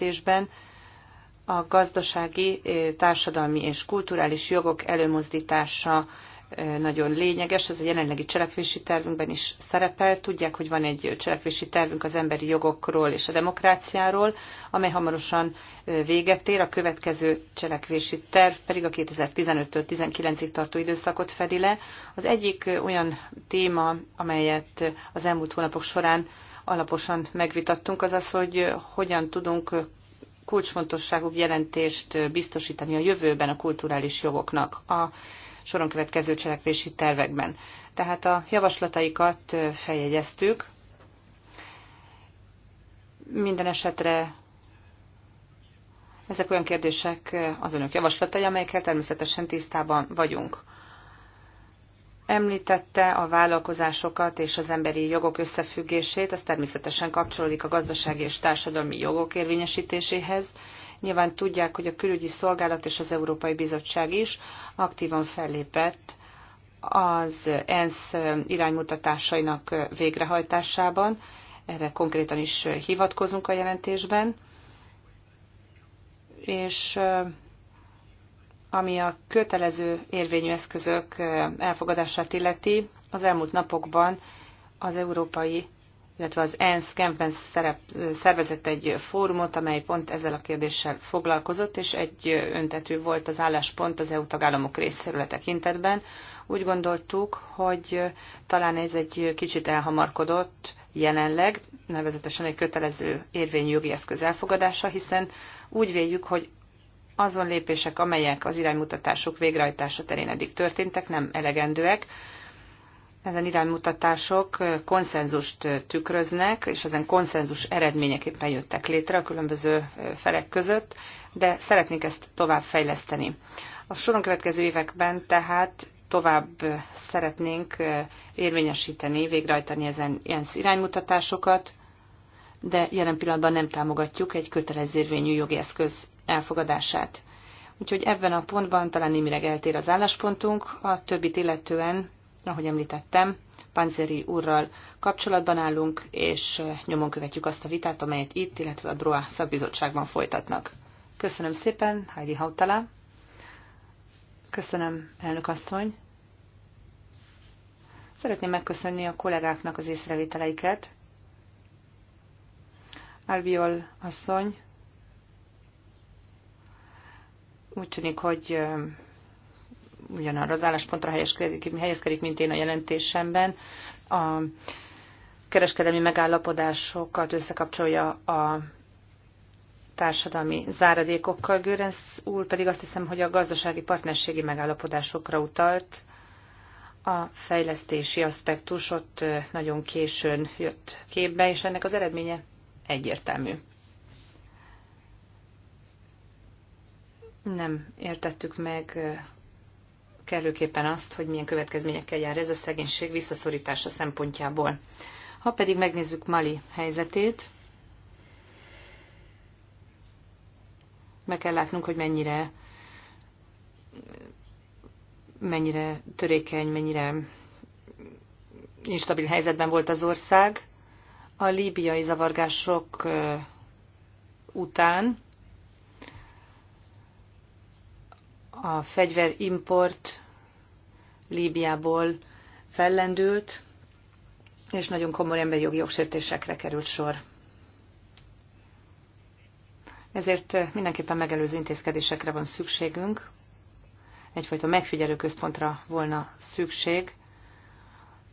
jelentésben a gazdasági, eh, társadalmi és kulturális jogok előmozdítása eh, nagyon lényeges, ez a jelenlegi cselekvési tervünkben is szerepel. Tudják, hogy van egy cselekvési tervünk az emberi jogokról és a demokráciáról, amely hamarosan eh, véget ér, a következő cselekvési terv pedig a 2015-től 19-ig tartó időszakot fedi le. Az egyik olyan téma, amelyet az elmúlt hónapok során alaposan megvitattunk, az az, hogy hogyan tudunk kulcsfontosságú jelentést biztosítani a jövőben a kulturális jogoknak a soron következő cselekvési tervekben. Tehát a javaslataikat feljegyeztük. Minden esetre ezek olyan kérdések az önök javaslatai, amelyekkel természetesen tisztában vagyunk. Említette a vállalkozásokat és az emberi jogok összefüggését, ez természetesen kapcsolódik a gazdasági és társadalmi jogok érvényesítéséhez. Nyilván tudják, hogy a külügyi szolgálat és az Európai Bizottság is aktívan fellépett az ENSZ iránymutatásainak végrehajtásában. Erre konkrétan is hivatkozunk a jelentésben. És ami a kötelező érvényű eszközök elfogadását illeti, az elmúlt napokban az európai, illetve az ENSZ Kempen szerep, szervezett egy fórumot, amely pont ezzel a kérdéssel foglalkozott, és egy öntetű volt az álláspont az EU tagállamok részéről a tekintetben. Úgy gondoltuk, hogy talán ez egy kicsit elhamarkodott jelenleg, nevezetesen egy kötelező jogi eszköz elfogadása, hiszen úgy véljük, hogy azon lépések, amelyek az iránymutatások végrehajtása terén eddig történtek, nem elegendőek. Ezen iránymutatások konszenzust tükröznek, és ezen konszenzus eredményeképpen jöttek létre a különböző felek között, de szeretnénk ezt tovább fejleszteni. A soron következő években tehát tovább szeretnénk érvényesíteni, végrehajtani ezen ilyen iránymutatásokat, de jelen pillanatban nem támogatjuk egy érvényű jogi eszköz elfogadását. Úgyhogy ebben a pontban talán némileg eltér az álláspontunk, a többit illetően, ahogy említettem, Panzeri úrral kapcsolatban állunk, és nyomon követjük azt a vitát, amelyet itt, illetve a DROA szakbizottságban folytatnak. Köszönöm szépen, Heidi Hautala. Köszönöm, elnök asszony. Szeretném megköszönni a kollégáknak az észrevételeiket. Albiol asszony, úgy tűnik, hogy ugyanarra az álláspontra helyezkedik, helyezkedik mint én a jelentésemben. A kereskedelmi megállapodásokat összekapcsolja a társadalmi záradékokkal. Görensz úr pedig azt hiszem, hogy a gazdasági partnerségi megállapodásokra utalt. A fejlesztési aspektus ott nagyon későn jött képbe, és ennek az eredménye egyértelmű. nem értettük meg kellőképpen azt, hogy milyen következményekkel jár ez a szegénység visszaszorítása szempontjából. Ha pedig megnézzük Mali helyzetét, meg kell látnunk, hogy mennyire mennyire törékeny, mennyire instabil helyzetben volt az ország. A líbiai zavargások után a fegyverimport Líbiából fellendült, és nagyon komoly emberi jogi jogsértésekre került sor. Ezért mindenképpen megelőző intézkedésekre van szükségünk, egyfajta megfigyelő központra volna szükség,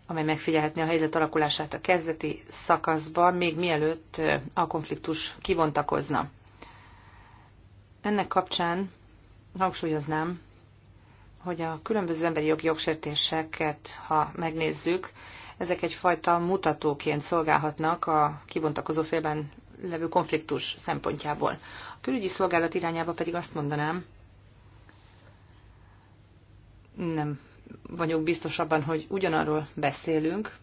amely megfigyelhetné a helyzet alakulását a kezdeti szakaszban, még mielőtt a konfliktus kivontakozna. Ennek kapcsán hangsúlyoznám, hogy a különböző emberi jogi jogsértéseket, ha megnézzük, ezek egyfajta mutatóként szolgálhatnak a kibontakozó félben levő konfliktus szempontjából. A külügyi szolgálat irányába pedig azt mondanám, nem vagyok biztos abban, hogy ugyanarról beszélünk.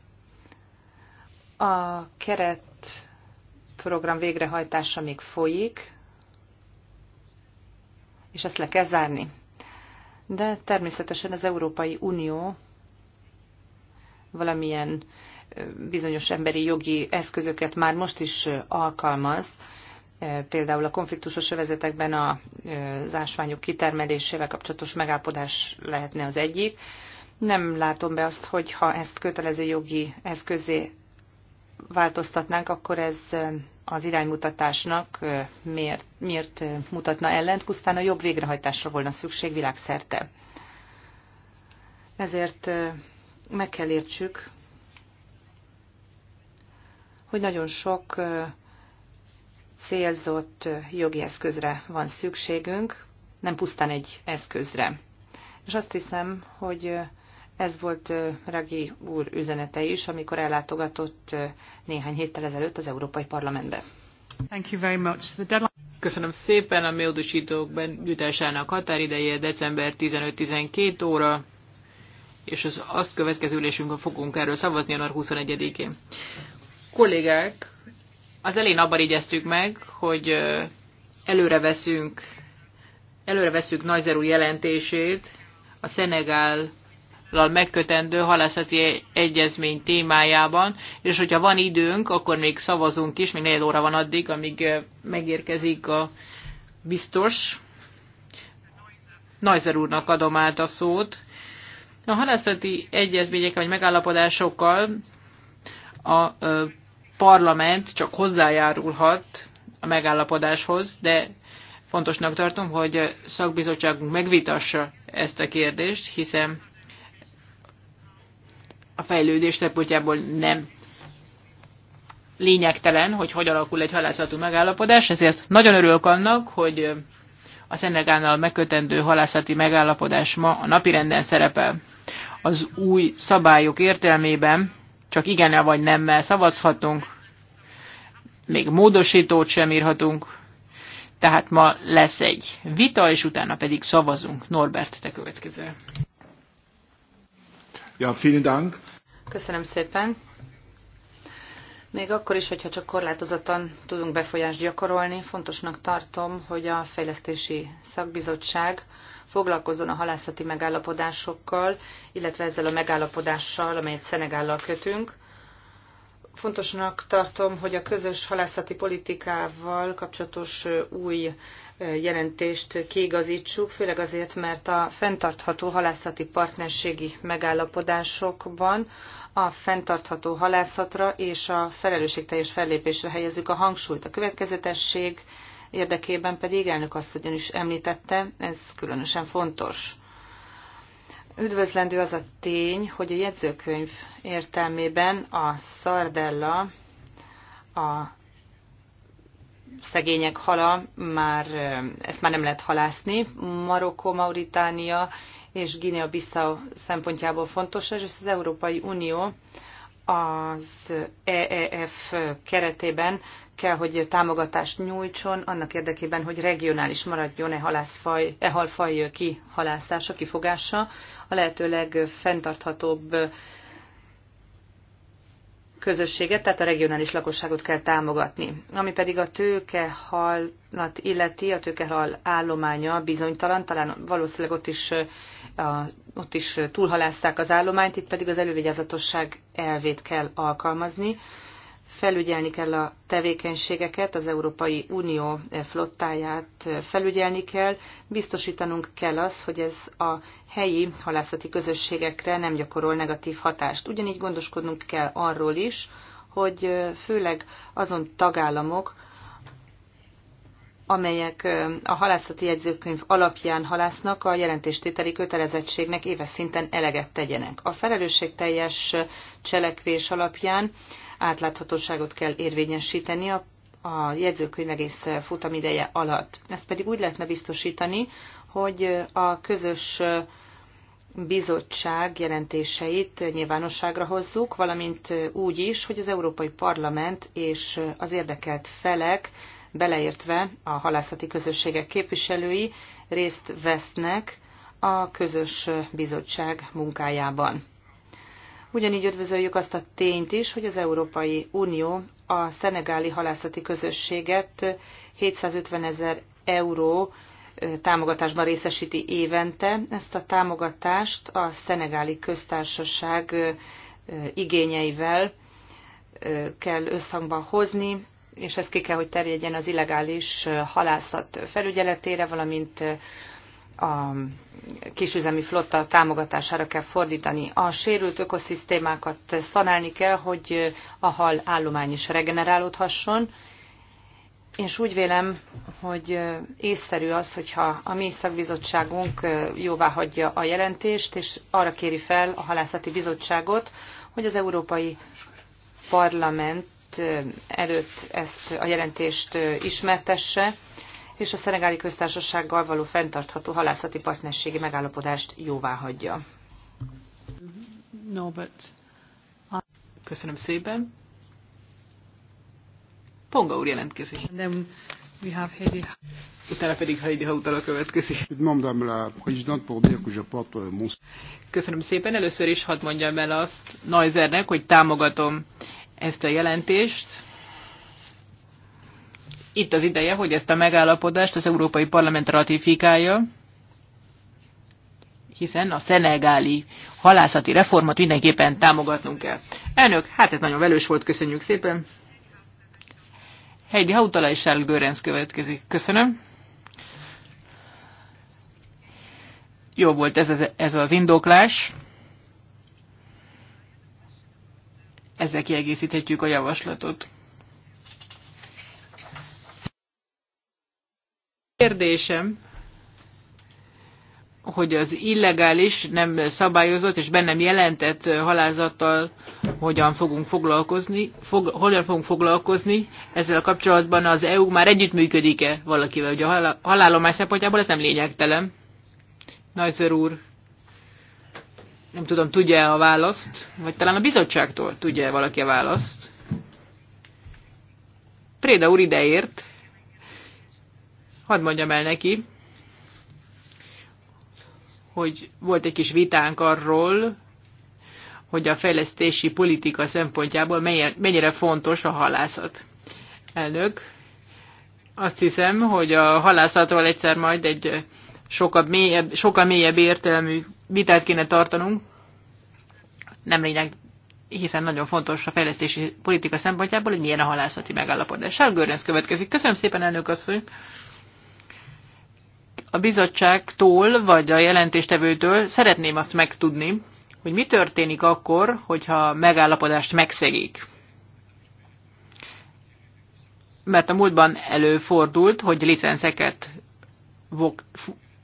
A keret program végrehajtása még folyik, és ezt le kell zárni. De természetesen az Európai Unió valamilyen bizonyos emberi jogi eszközöket már most is alkalmaz, például a konfliktusos övezetekben az ásványok kitermelésével kapcsolatos megállapodás lehetne az egyik. Nem látom be azt, hogy ha ezt kötelező jogi eszközé változtatnánk, akkor ez az iránymutatásnak miért, miért mutatna ellent, pusztán a jobb végrehajtásra volna szükség világszerte. Ezért meg kell értsük, hogy nagyon sok célzott jogi eszközre van szükségünk, nem pusztán egy eszközre. És azt hiszem, hogy ez volt Ragi úr üzenete is, amikor ellátogatott néhány héttel ezelőtt az Európai Parlamentbe. Thank you very much. The deadline... Köszönöm szépen a módosítók benyújtásának határideje december 15-12 óra, és az azt következő ülésünkön fogunk erről szavazni január 21-én. Kollégák, az elén abban igyeztük meg, hogy előre veszünk, előre veszünk Najzer jelentését a Szenegál megkötendő halászati egyezmény témájában, és hogyha van időnk, akkor még szavazunk is, még négy óra van addig, amíg megérkezik a biztos. Najzer úrnak adom át a szót. A halászati egyezményekkel vagy megállapodásokkal a parlament csak hozzájárulhat a megállapodáshoz, de fontosnak tartom, hogy szakbizottságunk megvitassa ezt a kérdést, hiszen a fejlődés szempontjából nem lényegtelen, hogy hogy alakul egy halászatú megállapodás, ezért nagyon örülök annak, hogy a Szenegánnal megkötendő halászati megállapodás ma a napirenden szerepel. Az új szabályok értelmében csak -e vagy nemmel szavazhatunk, még módosítót sem írhatunk, tehát ma lesz egy vita, és utána pedig szavazunk. Norbert, te következel. Ja, vielen Dank. Köszönöm szépen. Még akkor is, hogyha csak korlátozottan tudunk befolyást gyakorolni, fontosnak tartom, hogy a Fejlesztési Szakbizottság foglalkozzon a halászati megállapodásokkal, illetve ezzel a megállapodással, amelyet Szenegállal kötünk, Fontosnak tartom, hogy a közös halászati politikával kapcsolatos új jelentést kiigazítsuk, főleg azért, mert a fenntartható halászati partnerségi megállapodásokban a fenntartható halászatra és a felelősségteljes fellépésre helyezzük a hangsúlyt. A következetesség érdekében pedig elnök azt ugyanis említette, ez különösen fontos. Üdvözlendő az a tény, hogy a jegyzőkönyv értelmében a szardella, a szegények hala, már, ezt már nem lehet halászni. Marokkó, Mauritánia és Guinea-Bissau szempontjából fontos, és az Európai Unió az EEF keretében kell, hogy támogatást nyújtson annak érdekében, hogy regionális maradjon e, halászfaj, e halfaj kihalászása, kifogása, a lehető legfenntarthatóbb közösséget, tehát a regionális lakosságot kell támogatni. Ami pedig a tőkehalnat illeti, a tőkehal állománya bizonytalan, talán valószínűleg ott is, ott is túlhalázták az állományt, itt pedig az elővigyázatosság elvét kell alkalmazni felügyelni kell a tevékenységeket, az Európai Unió flottáját felügyelni kell, biztosítanunk kell az, hogy ez a helyi halászati közösségekre nem gyakorol negatív hatást. Ugyanígy gondoskodnunk kell arról is, hogy főleg azon tagállamok, amelyek a halászati jegyzőkönyv alapján halásznak, a jelentéstételi kötelezettségnek éves szinten eleget tegyenek. A felelősségteljes cselekvés alapján átláthatóságot kell érvényesíteni a a jegyzőkönyv egész futamideje alatt. Ezt pedig úgy lehetne biztosítani, hogy a közös bizottság jelentéseit nyilvánosságra hozzuk, valamint úgy is, hogy az Európai Parlament és az érdekelt felek beleértve a halászati közösségek képviselői részt vesznek a közös bizottság munkájában. Ugyanígy üdvözöljük azt a tényt is, hogy az Európai Unió a szenegáli halászati közösséget 750 ezer euró támogatásban részesíti évente. Ezt a támogatást a szenegáli köztársaság igényeivel kell összhangba hozni, és ez ki kell, hogy terjedjen az illegális halászat felügyeletére, valamint a kisüzemi flotta támogatására kell fordítani. A sérült ökoszisztémákat szanálni kell, hogy a hal állomány is regenerálódhasson, és úgy vélem, hogy észszerű az, hogyha a mi szakbizottságunk jóvá hagyja a jelentést, és arra kéri fel a halászati bizottságot, hogy az Európai Parlament előtt ezt a jelentést ismertesse, és a szenegáli köztársasággal való fenntartható halászati partnerségi megállapodást jóvá hagyja. Norbert. Uh, Köszönöm szépen. Ponga úr jelentkezik. Nem, we have Heidi. Utána pedig Heidi Hautala következik. Köszönöm szépen. Először is hadd mondjam el azt Neuzernek, hogy támogatom ezt a jelentést. Itt az ideje, hogy ezt a megállapodást az Európai Parlament ratifikálja, hiszen a szenegáli halászati reformot mindenképpen támogatnunk kell. Elnök, hát ez nagyon velős volt, köszönjük szépen. Heidi Hautala és Charles Görenc következik. Köszönöm. Jó volt ez, ez az indoklás. ezzel kiegészíthetjük a javaslatot. Kérdésem, hogy az illegális, nem szabályozott és bennem jelentett halázattal hogyan fogunk foglalkozni, fog, hogyan fogunk foglalkozni, ezzel a kapcsolatban az EU már együttműködik-e valakivel, hogy a halálomás szempontjából ez nem lényegtelen. Nagyszer úr nem tudom, tudja-e a választ, vagy talán a bizottságtól tudja-e valaki a választ. Préda úr ideért. Hadd mondjam el neki, hogy volt egy kis vitánk arról, hogy a fejlesztési politika szempontjából mennyire fontos a halászat. Elnök, azt hiszem, hogy a halászatról egyszer majd egy sokkal mélyebb, sokkal mélyebb értelmű vitát kéne tartanunk, nem lényeg, hiszen nagyon fontos a fejlesztési politika szempontjából, hogy milyen a halászati megállapodás. Sár következik. Köszönöm szépen, elnök asszony! A bizottságtól, vagy a jelentéstevőtől szeretném azt megtudni, hogy mi történik akkor, hogyha megállapodást megszegik. Mert a múltban előfordult, hogy licenszeket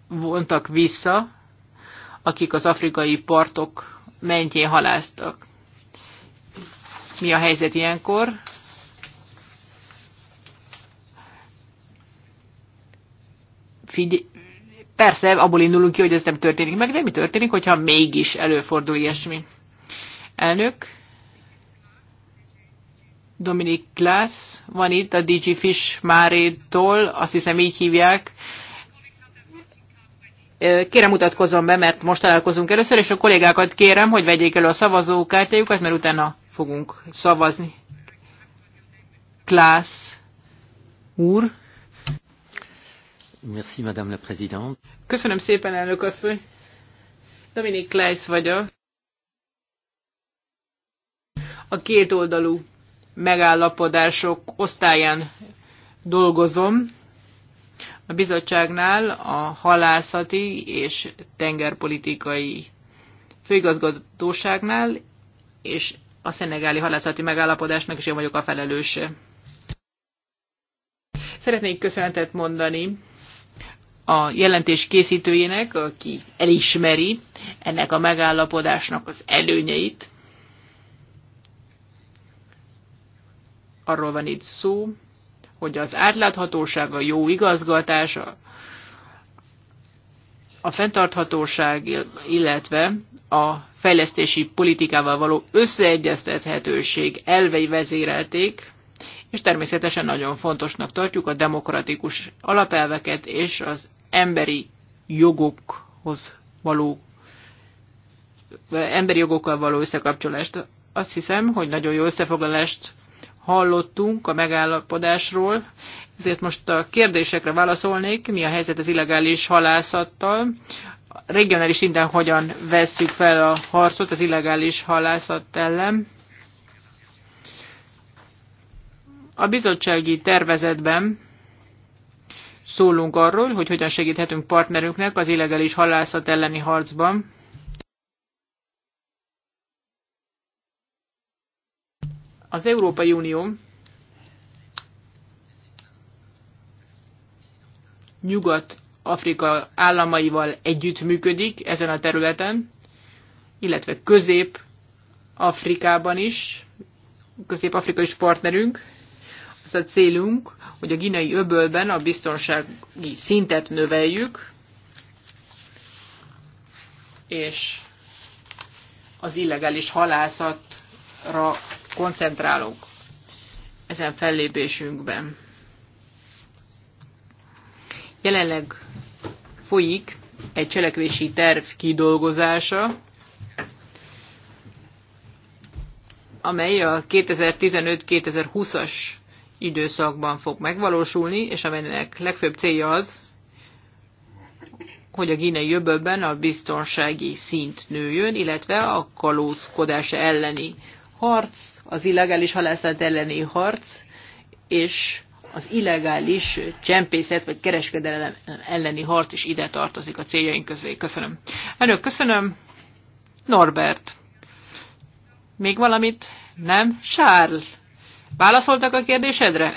vontak vissza, akik az afrikai partok mentjén haláztak. Mi a helyzet ilyenkor? Figy Persze, abból indulunk ki, hogy ez nem történik meg, de mi történik, hogyha mégis előfordul ilyesmi? Elnök, Dominik Glass van itt a DG Fish Márétól, azt hiszem így hívják, Kérem mutatkozzon be, mert most találkozunk először, és a kollégákat kérem, hogy vegyék elő a szavazókártyájukat, mert utána fogunk szavazni. Klász úr. Merci, Madame la Présidente. Köszönöm szépen, elnök asszony. Dominik Kleisz vagyok. A kétoldalú megállapodások osztályán dolgozom, a bizottságnál a halászati és tengerpolitikai főigazgatóságnál, és a szenegáli halászati megállapodásnak is én vagyok a felelőse. Szeretnék köszönetet mondani a jelentés készítőjének, aki elismeri ennek a megállapodásnak az előnyeit. Arról van itt szó, hogy az átláthatóság, a jó igazgatás, a, a fenntarthatóság, illetve a fejlesztési politikával való összeegyeztethetőség elvei vezérelték, és természetesen nagyon fontosnak tartjuk a demokratikus alapelveket és az emberi jogokhoz való emberi jogokkal való összekapcsolást. Azt hiszem, hogy nagyon jó összefoglalást hallottunk a megállapodásról, ezért most a kérdésekre válaszolnék, mi a helyzet az illegális halászattal, regionális minden hogyan vesszük fel a harcot az illegális halászat ellen. A bizottsági tervezetben szólunk arról, hogy hogyan segíthetünk partnerünknek az illegális halászat elleni harcban. Az Európai Unió Nyugat-Afrika államaival együttműködik ezen a területen, illetve Közép-Afrikában is, Közép-Afrika is partnerünk. Az a célunk, hogy a ginei öbölben a biztonsági szintet növeljük, és az illegális halászatra koncentrálunk ezen fellépésünkben. Jelenleg folyik egy cselekvési terv kidolgozása, amely a 2015-2020-as időszakban fog megvalósulni, és amelynek legfőbb célja az, hogy a gínei jövőben a biztonsági szint nőjön, illetve a kalózkodás elleni harc, az illegális halászat elleni harc, és az illegális csempészet vagy kereskedelem elleni harc is ide tartozik a céljaink közé. Köszönöm. Önök, köszönöm. Norbert. Még valamit? Nem? Charles. Válaszoltak a kérdésedre?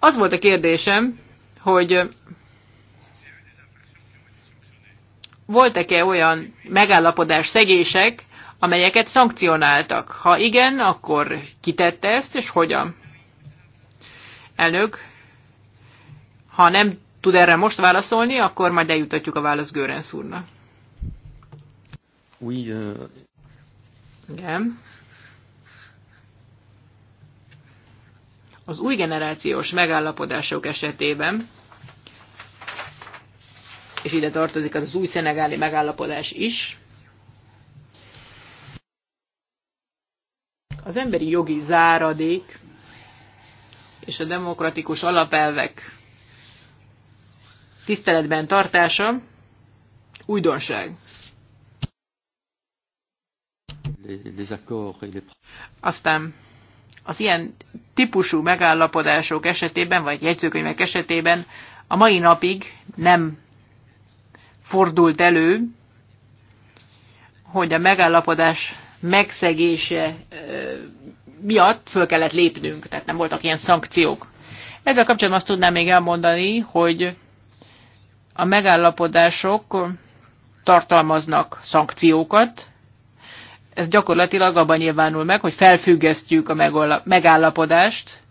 Az volt a kérdésem, hogy voltak-e olyan megállapodás szegések, amelyeket szankcionáltak. Ha igen, akkor kitette ezt, és hogyan? Elnök, ha nem tud erre most válaszolni, akkor majd eljutatjuk a választ Görensz úrnak. Oui, uh... Igen. Az új generációs megállapodások esetében, és ide tartozik az új szenegáli megállapodás is, Az emberi jogi záradék és a demokratikus alapelvek tiszteletben tartása újdonság. Aztán az ilyen típusú megállapodások esetében, vagy jegyzőkönyvek esetében a mai napig nem fordult elő, hogy a megállapodás megszegése miatt föl kellett lépnünk, tehát nem voltak ilyen szankciók. Ezzel kapcsolatban azt tudnám még elmondani, hogy a megállapodások tartalmaznak szankciókat. Ez gyakorlatilag abban nyilvánul meg, hogy felfüggesztjük a megállapodást,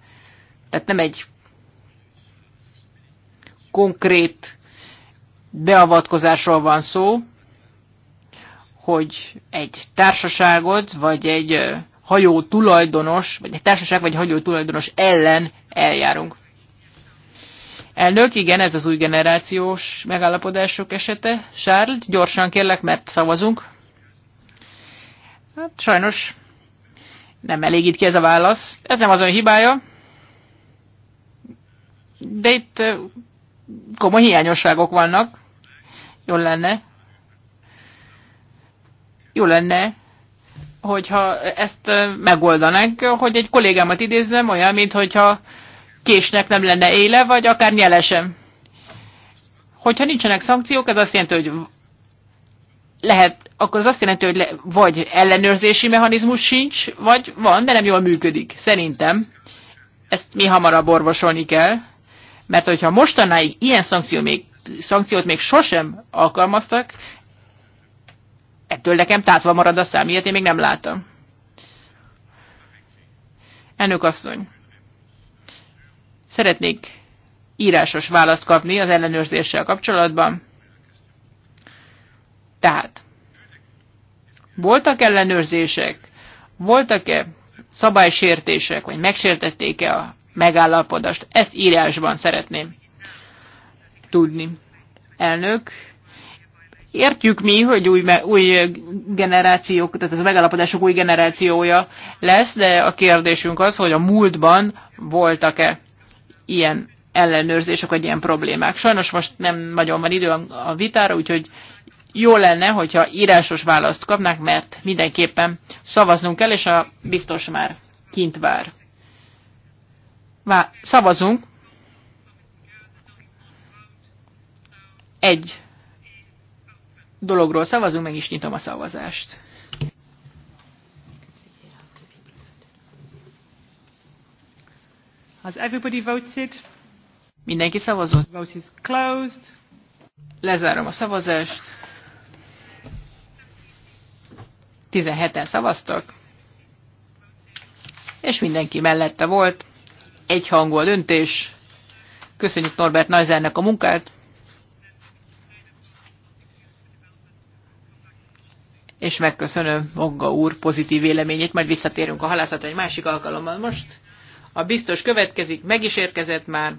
tehát nem egy konkrét beavatkozásról van szó, hogy egy társaságot, vagy egy hajó tulajdonos, vagy egy társaság, vagy hajó tulajdonos ellen eljárunk. Elnök, igen, ez az új generációs megállapodások esete. Charles, gyorsan kérlek, mert szavazunk. Hát sajnos nem elégít ki ez a válasz. Ez nem az ön hibája. De itt komoly hiányosságok vannak. Jól lenne, jó lenne, hogyha ezt megoldanánk, hogy egy kollégámat idéznem, olyan, mint hogyha késnek nem lenne éle, vagy akár nyelesem. Hogyha nincsenek szankciók, ez azt jelenti, hogy lehet, akkor az azt jelenti, hogy le, vagy ellenőrzési mechanizmus sincs, vagy van, de nem jól működik. Szerintem ezt mi hamarabb orvosolni kell, mert hogyha mostanáig ilyen szankció még, szankciót még sosem alkalmaztak, ettől nekem tátva marad a szám, ilyet én még nem látom. Elnök asszony, szeretnék írásos választ kapni az ellenőrzéssel kapcsolatban. Tehát, voltak ellenőrzések, voltak-e szabálysértések, vagy megsértették-e a megállapodást? Ezt írásban szeretném tudni. Elnök, Értjük mi, hogy új, új generációk, tehát ez a megalapodások új generációja lesz, de a kérdésünk az, hogy a múltban voltak-e ilyen ellenőrzések, vagy ilyen problémák. Sajnos most nem nagyon van idő a vitára, úgyhogy jó lenne, hogyha írásos választ kapnák, mert mindenképpen szavaznunk kell, és a biztos már kint vár. Vá szavazunk. Egy dologról szavazunk, meg is nyitom a szavazást. Has everybody voted? Mindenki szavazott. Vote is closed. Lezárom a szavazást. 17-en szavaztak, és mindenki mellette volt. Egy hangú döntés. Köszönjük Norbert Najzernek a munkát. és megköszönöm Vonga úr pozitív véleményét, majd visszatérünk a halászatra egy másik alkalommal. Most a biztos következik, meg is érkezett már.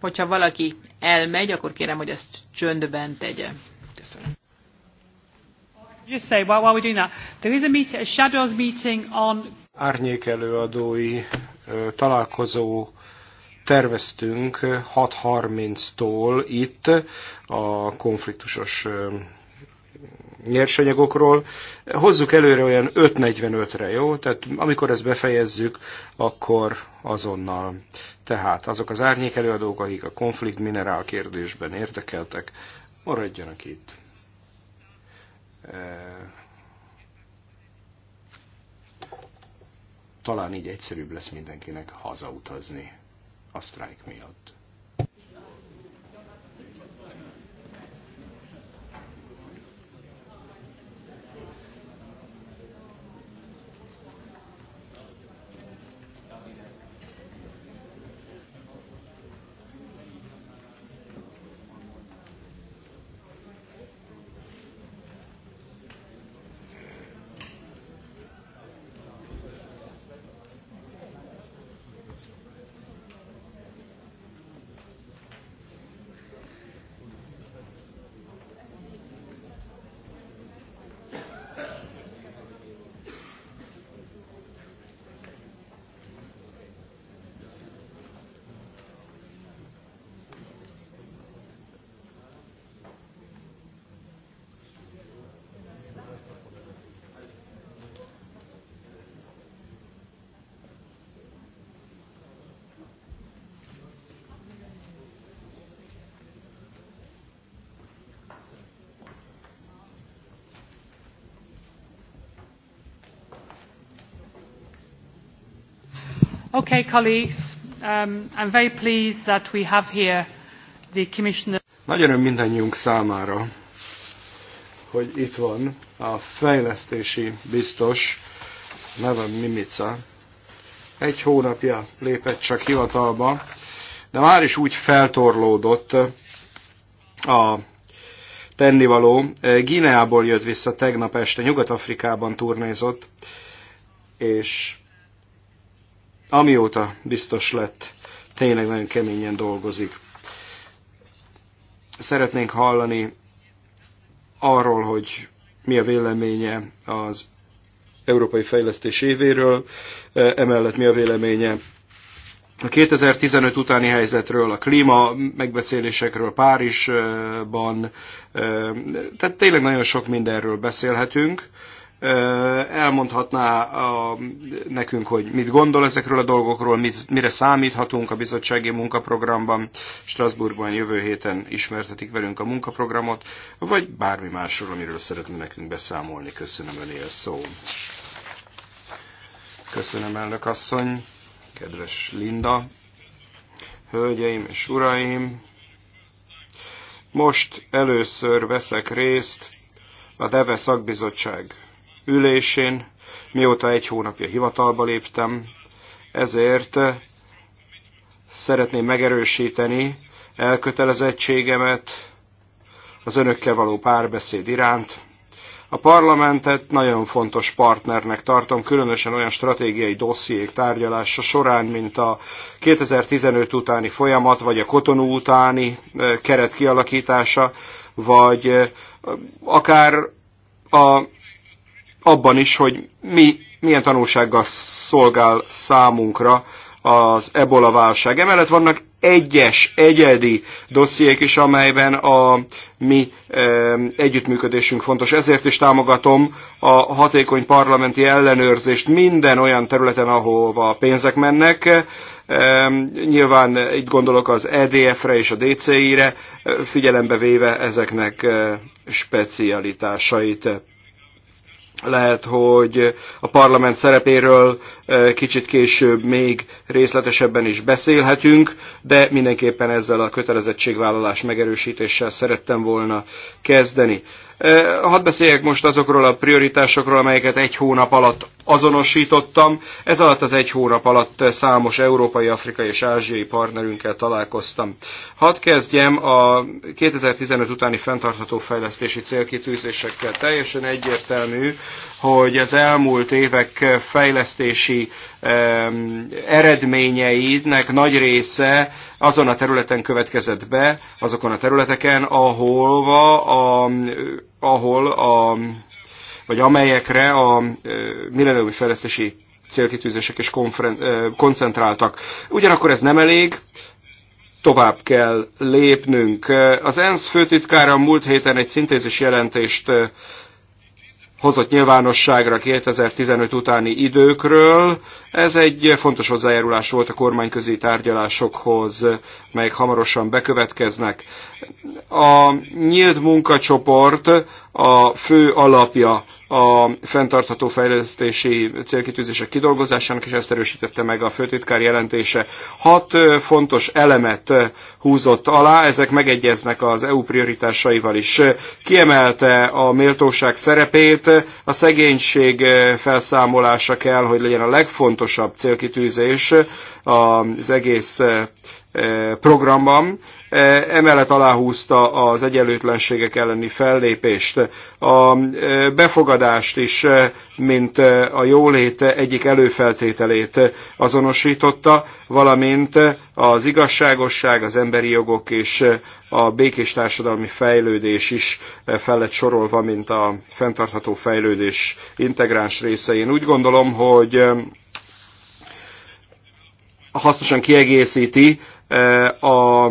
Hogyha valaki elmegy, akkor kérem, hogy ezt csöndben tegye. Köszönöm. Just say, while, we're doing that, there is a, a shadows meeting on... Árnyékelőadói találkozó terveztünk 6.30-tól itt a konfliktusos nyersanyagokról. Hozzuk előre olyan 5.45-re, jó? Tehát amikor ezt befejezzük, akkor azonnal. Tehát azok az árnyék előadók, akik a konflikt minerál kérdésben érdekeltek, maradjanak itt. Talán így egyszerűbb lesz mindenkinek hazautazni a sztrájk miatt. Okay, colleagues, um, I'm very pleased that we have here the commissioner. Nagyon öröm mindannyiunk számára, hogy itt van a fejlesztési biztos, nevem Mimica. Egy hónapja lépett csak hivatalba, de már is úgy feltorlódott a tennivaló. Gineából jött vissza tegnap este, Nyugat-Afrikában turnézott, és amióta biztos lett, tényleg nagyon keményen dolgozik. Szeretnénk hallani arról, hogy mi a véleménye az Európai Fejlesztés évéről, emellett mi a véleménye a 2015 utáni helyzetről, a klíma megbeszélésekről Párizsban, tehát tényleg nagyon sok mindenről beszélhetünk elmondhatná a, nekünk, hogy mit gondol ezekről a dolgokról, mit, mire számíthatunk a bizottsági munkaprogramban. Strasbourgban jövő héten ismertetik velünk a munkaprogramot, vagy bármi másról, amiről szeretne nekünk beszámolni. Köszönöm öné a szó. Köszönöm, elnök asszony, kedves Linda, hölgyeim és uraim. Most először veszek részt a DEVE szakbizottság ülésén, mióta egy hónapja hivatalba léptem, ezért szeretném megerősíteni elkötelezettségemet az önökkel való párbeszéd iránt. A parlamentet nagyon fontos partnernek tartom, különösen olyan stratégiai dossziék tárgyalása során, mint a 2015 utáni folyamat, vagy a Kotonú utáni eh, keret kialakítása, vagy eh, akár a abban is, hogy mi, milyen tanulsággal szolgál számunkra az ebola válság. Emellett vannak egyes, egyedi dossziék is, amelyben a mi e, együttműködésünk fontos. Ezért is támogatom a hatékony parlamenti ellenőrzést minden olyan területen, ahova pénzek mennek. E, nyilván itt gondolok az EDF-re és a DCI-re, figyelembe véve ezeknek eh, specialitásait lehet, hogy a parlament szerepéről kicsit később még részletesebben is beszélhetünk, de mindenképpen ezzel a kötelezettségvállalás megerősítéssel szerettem volna kezdeni. Hadd beszéljek most azokról a prioritásokról, amelyeket egy hónap alatt azonosítottam. Ez alatt az egy hónap alatt számos európai, afrikai és ázsiai partnerünkkel találkoztam. Hadd kezdjem a 2015 utáni fenntartható fejlesztési célkitűzésekkel. Teljesen egyértelmű, hogy az elmúlt évek fejlesztési eredményeinek nagy része azon a területen következett be, azokon a területeken, aholva a, ahol a, vagy amelyekre a millenniumi fejlesztési célkitűzések is koncentráltak. Ugyanakkor ez nem elég, tovább kell lépnünk. Az ENSZ főtitkára múlt héten egy szintézis jelentést hozott nyilvánosságra 2015 utáni időkről. Ez egy fontos hozzájárulás volt a kormányközi tárgyalásokhoz, melyek hamarosan bekövetkeznek. A nyílt munkacsoport a fő alapja a fenntartható fejlesztési célkitűzések kidolgozásának, és ezt erősítette meg a főtitkár jelentése. Hat fontos elemet húzott alá, ezek megegyeznek az EU prioritásaival is. Kiemelte a méltóság szerepét, a szegénység felszámolása kell, hogy legyen a legfontosabb célkitűzés az egész programban. E, emellett aláhúzta az egyenlőtlenségek elleni fellépést, a e, befogadást is, e, mint a jólét egyik előfeltételét azonosította, valamint az igazságosság, az emberi jogok és a békés társadalmi fejlődés is fel lett sorolva, mint a fenntartható fejlődés integráns része. Én úgy gondolom, hogy hasznosan kiegészíti a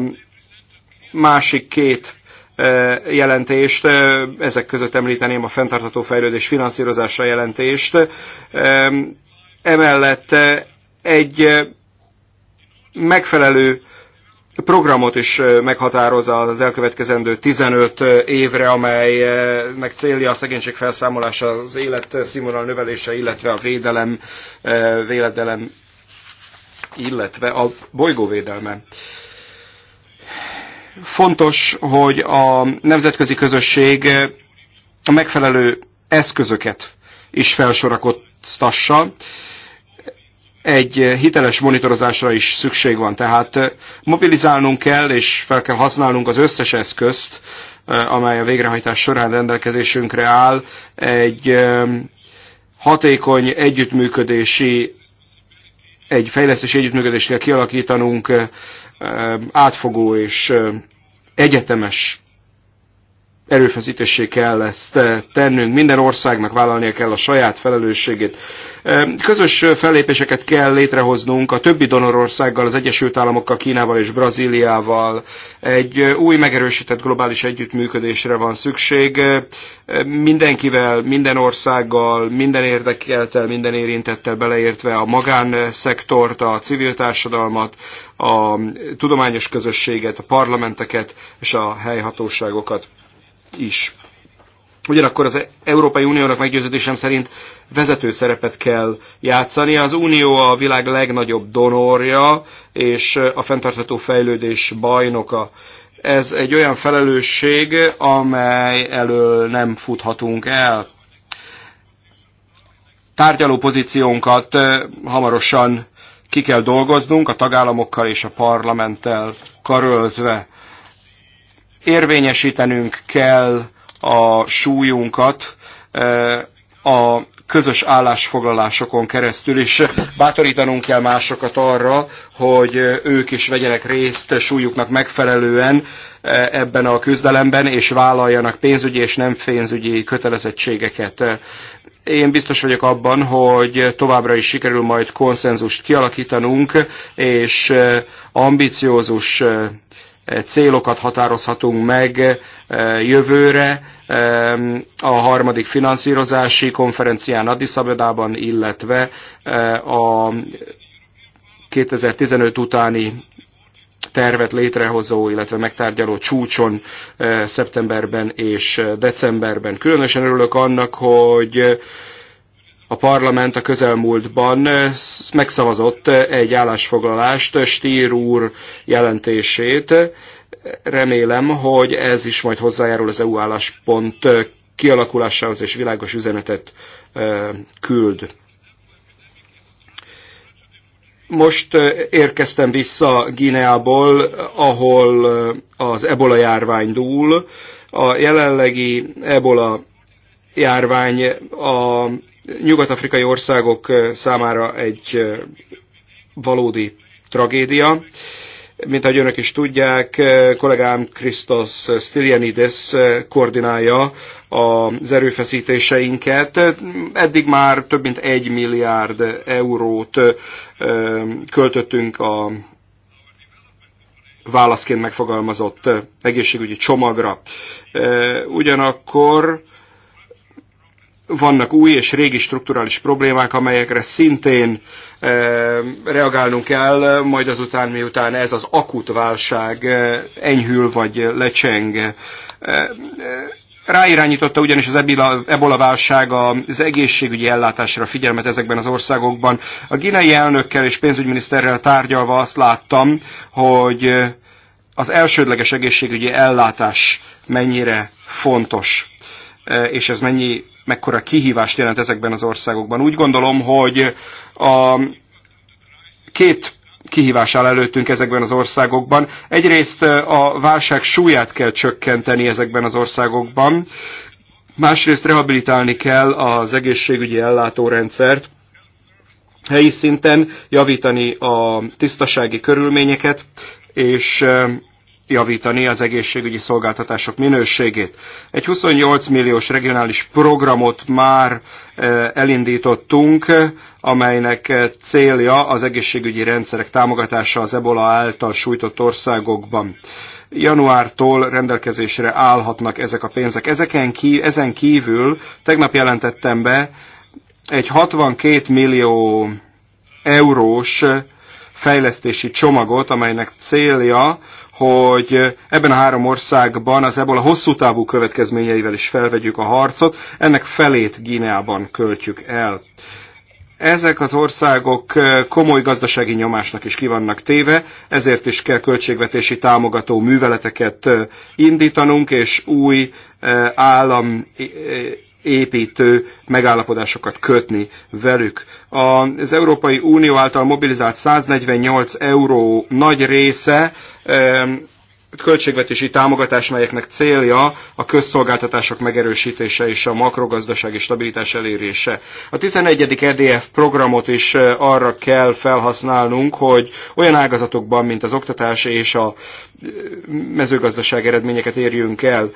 másik két e, jelentést, e, ezek között említeném a fenntartható fejlődés finanszírozása jelentést. E, emellett egy megfelelő programot is meghatároz az elkövetkezendő 15 évre, amelynek célja a szegénység felszámolása, az élet színvonal növelése, illetve a védelem, véledelem, illetve a bolygóvédelme. Fontos, hogy a nemzetközi közösség eh, a megfelelő eszközöket is felsorakoztassa. Egy eh, hiteles monitorozásra is szükség van, tehát eh, mobilizálnunk kell és fel kell használnunk az összes eszközt, amely a végrehajtás során rendelkezésünkre áll, egy hatékony együttműködési, egy fejlesztési együttműködést kell kialakítanunk átfogó és egyetemes erőfeszítésé kell ezt eh, tennünk. Minden országnak vállalnia kell a saját felelősségét. Eh, közös fellépéseket kell létrehoznunk a többi donorországgal, az Egyesült Államokkal, Kínával és Brazíliával. Egy eh, új megerősített globális együttműködésre van szükség. Mindenkivel, minden országgal, minden érdekeltel, minden érintettel beleértve a magánszektort, a civil társadalmat, a tudományos közösséget, a parlamenteket és a helyhatóságokat is. Ugyanakkor az Európai Uniónak meggyőződésem szerint vezető szerepet kell játszani. Az Unió a világ legnagyobb donorja és a fenntartható fejlődés bajnoka. Ez egy olyan felelősség, amely elől nem futhatunk el. Tárgyaló pozíciónkat hamarosan ki kell dolgoznunk a tagállamokkal és a parlamenttel karöltve érvényesítenünk kell a súlyunkat eh, a közös állásfoglalásokon keresztül, és bátorítanunk kell másokat arra, hogy ők is vegyenek részt súlyuknak megfelelően eh, ebben a küzdelemben, és vállaljanak pénzügyi és nem pénzügyi kötelezettségeket. Én biztos vagyok abban, hogy továbbra is sikerül majd konszenzust kialakítanunk, és eh, ambiciózus célokat határozhatunk meg eh, jövőre eh, a harmadik finanszírozási konferencián Addis Abedában, illetve eh, a 2015 utáni tervet létrehozó, illetve megtárgyaló csúcson szeptemberben és decemberben. Különösen örülök annak, hogy a parlament a közelmúltban megszavazott egy állásfoglalást, Stír úr jelentését. Remélem, hogy ez is majd hozzájárul az EU álláspont kialakulásához és világos üzenetet küld. Most érkeztem vissza Gineából, ahol az ebola járvány dúl. A jelenlegi ebola járvány a nyugat-afrikai országok számára egy valódi tragédia. Mint ahogy önök is tudják, kollégám Krisztos Stylianides koordinálja az erőfeszítéseinket. Eddig már több mint egy milliárd eurót költöttünk a válaszként megfogalmazott egészségügyi csomagra. Ugyanakkor vannak új és régi strukturális problémák, amelyekre szintén e, reagálnunk kell, majd azután, miután ez az akut válság e, enyhül vagy lecseng. E, e, ráirányította ugyanis az ebola válság az egészségügyi ellátásra figyelmet ezekben az országokban. A ginei elnökkel és pénzügyminiszterrel tárgyalva azt láttam, hogy az elsődleges egészségügyi ellátás mennyire fontos E, és ez mennyi, mekkora kihívást jelent ezekben az országokban. Úgy gondolom, hogy a két kihívás áll előttünk ezekben az országokban. Egyrészt e, a válság súlyát kell csökkenteni ezekben az országokban, másrészt rehabilitálni kell az egészségügyi ellátórendszert, helyi szinten javítani a tisztasági körülményeket, és e, javítani az egészségügyi szolgáltatások minőségét. Egy 28 milliós regionális programot már e, elindítottunk, amelynek e, célja az egészségügyi rendszerek támogatása az ebola által sújtott országokban januártól rendelkezésre állhatnak ezek a pénzek. Ezeken kívül, ezen kívül tegnap jelentettem be egy 62 millió eurós fejlesztési csomagot, amelynek célja, hogy ebben a három országban az ebből a hosszú távú következményeivel is felvegyük a harcot, ennek felét Gineában költjük el. Ezek az országok eh, komoly gazdasági nyomásnak is kivannak téve, ezért is kell költségvetési támogató műveleteket eh, indítanunk, és új eh, állam építő megállapodásokat kötni velük. Az Európai Unió által mobilizált 148 euró nagy része költségvetési támogatás, melyeknek célja a közszolgáltatások megerősítése és a makrogazdasági stabilitás elérése. A 11. EDF programot is arra kell felhasználnunk, hogy olyan ágazatokban, mint az oktatás és a mezőgazdaság eredményeket érjünk el.